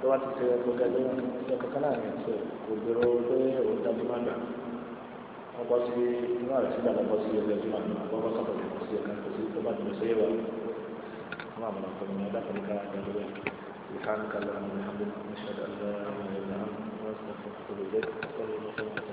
tó wá ti ṣe ẹ̀kọ́ gẹ́gẹ́ wọn kankan náà ní sọ kò gbèrò pé òun dájú má gbà wọ́n bọ́ sí inú àti ìgbà lọ́bọ́ sí ẹgbẹ́ tó máa ń bọ́ bọ́ sọ̀rọ̀ sí ẹ̀ka tó tó bá dùn sí ẹ̀wà wọn àmọ́ سبحانك اللهم وبحمدك نشهد ان لا اله الا انت نستغفرك ونتوب اليك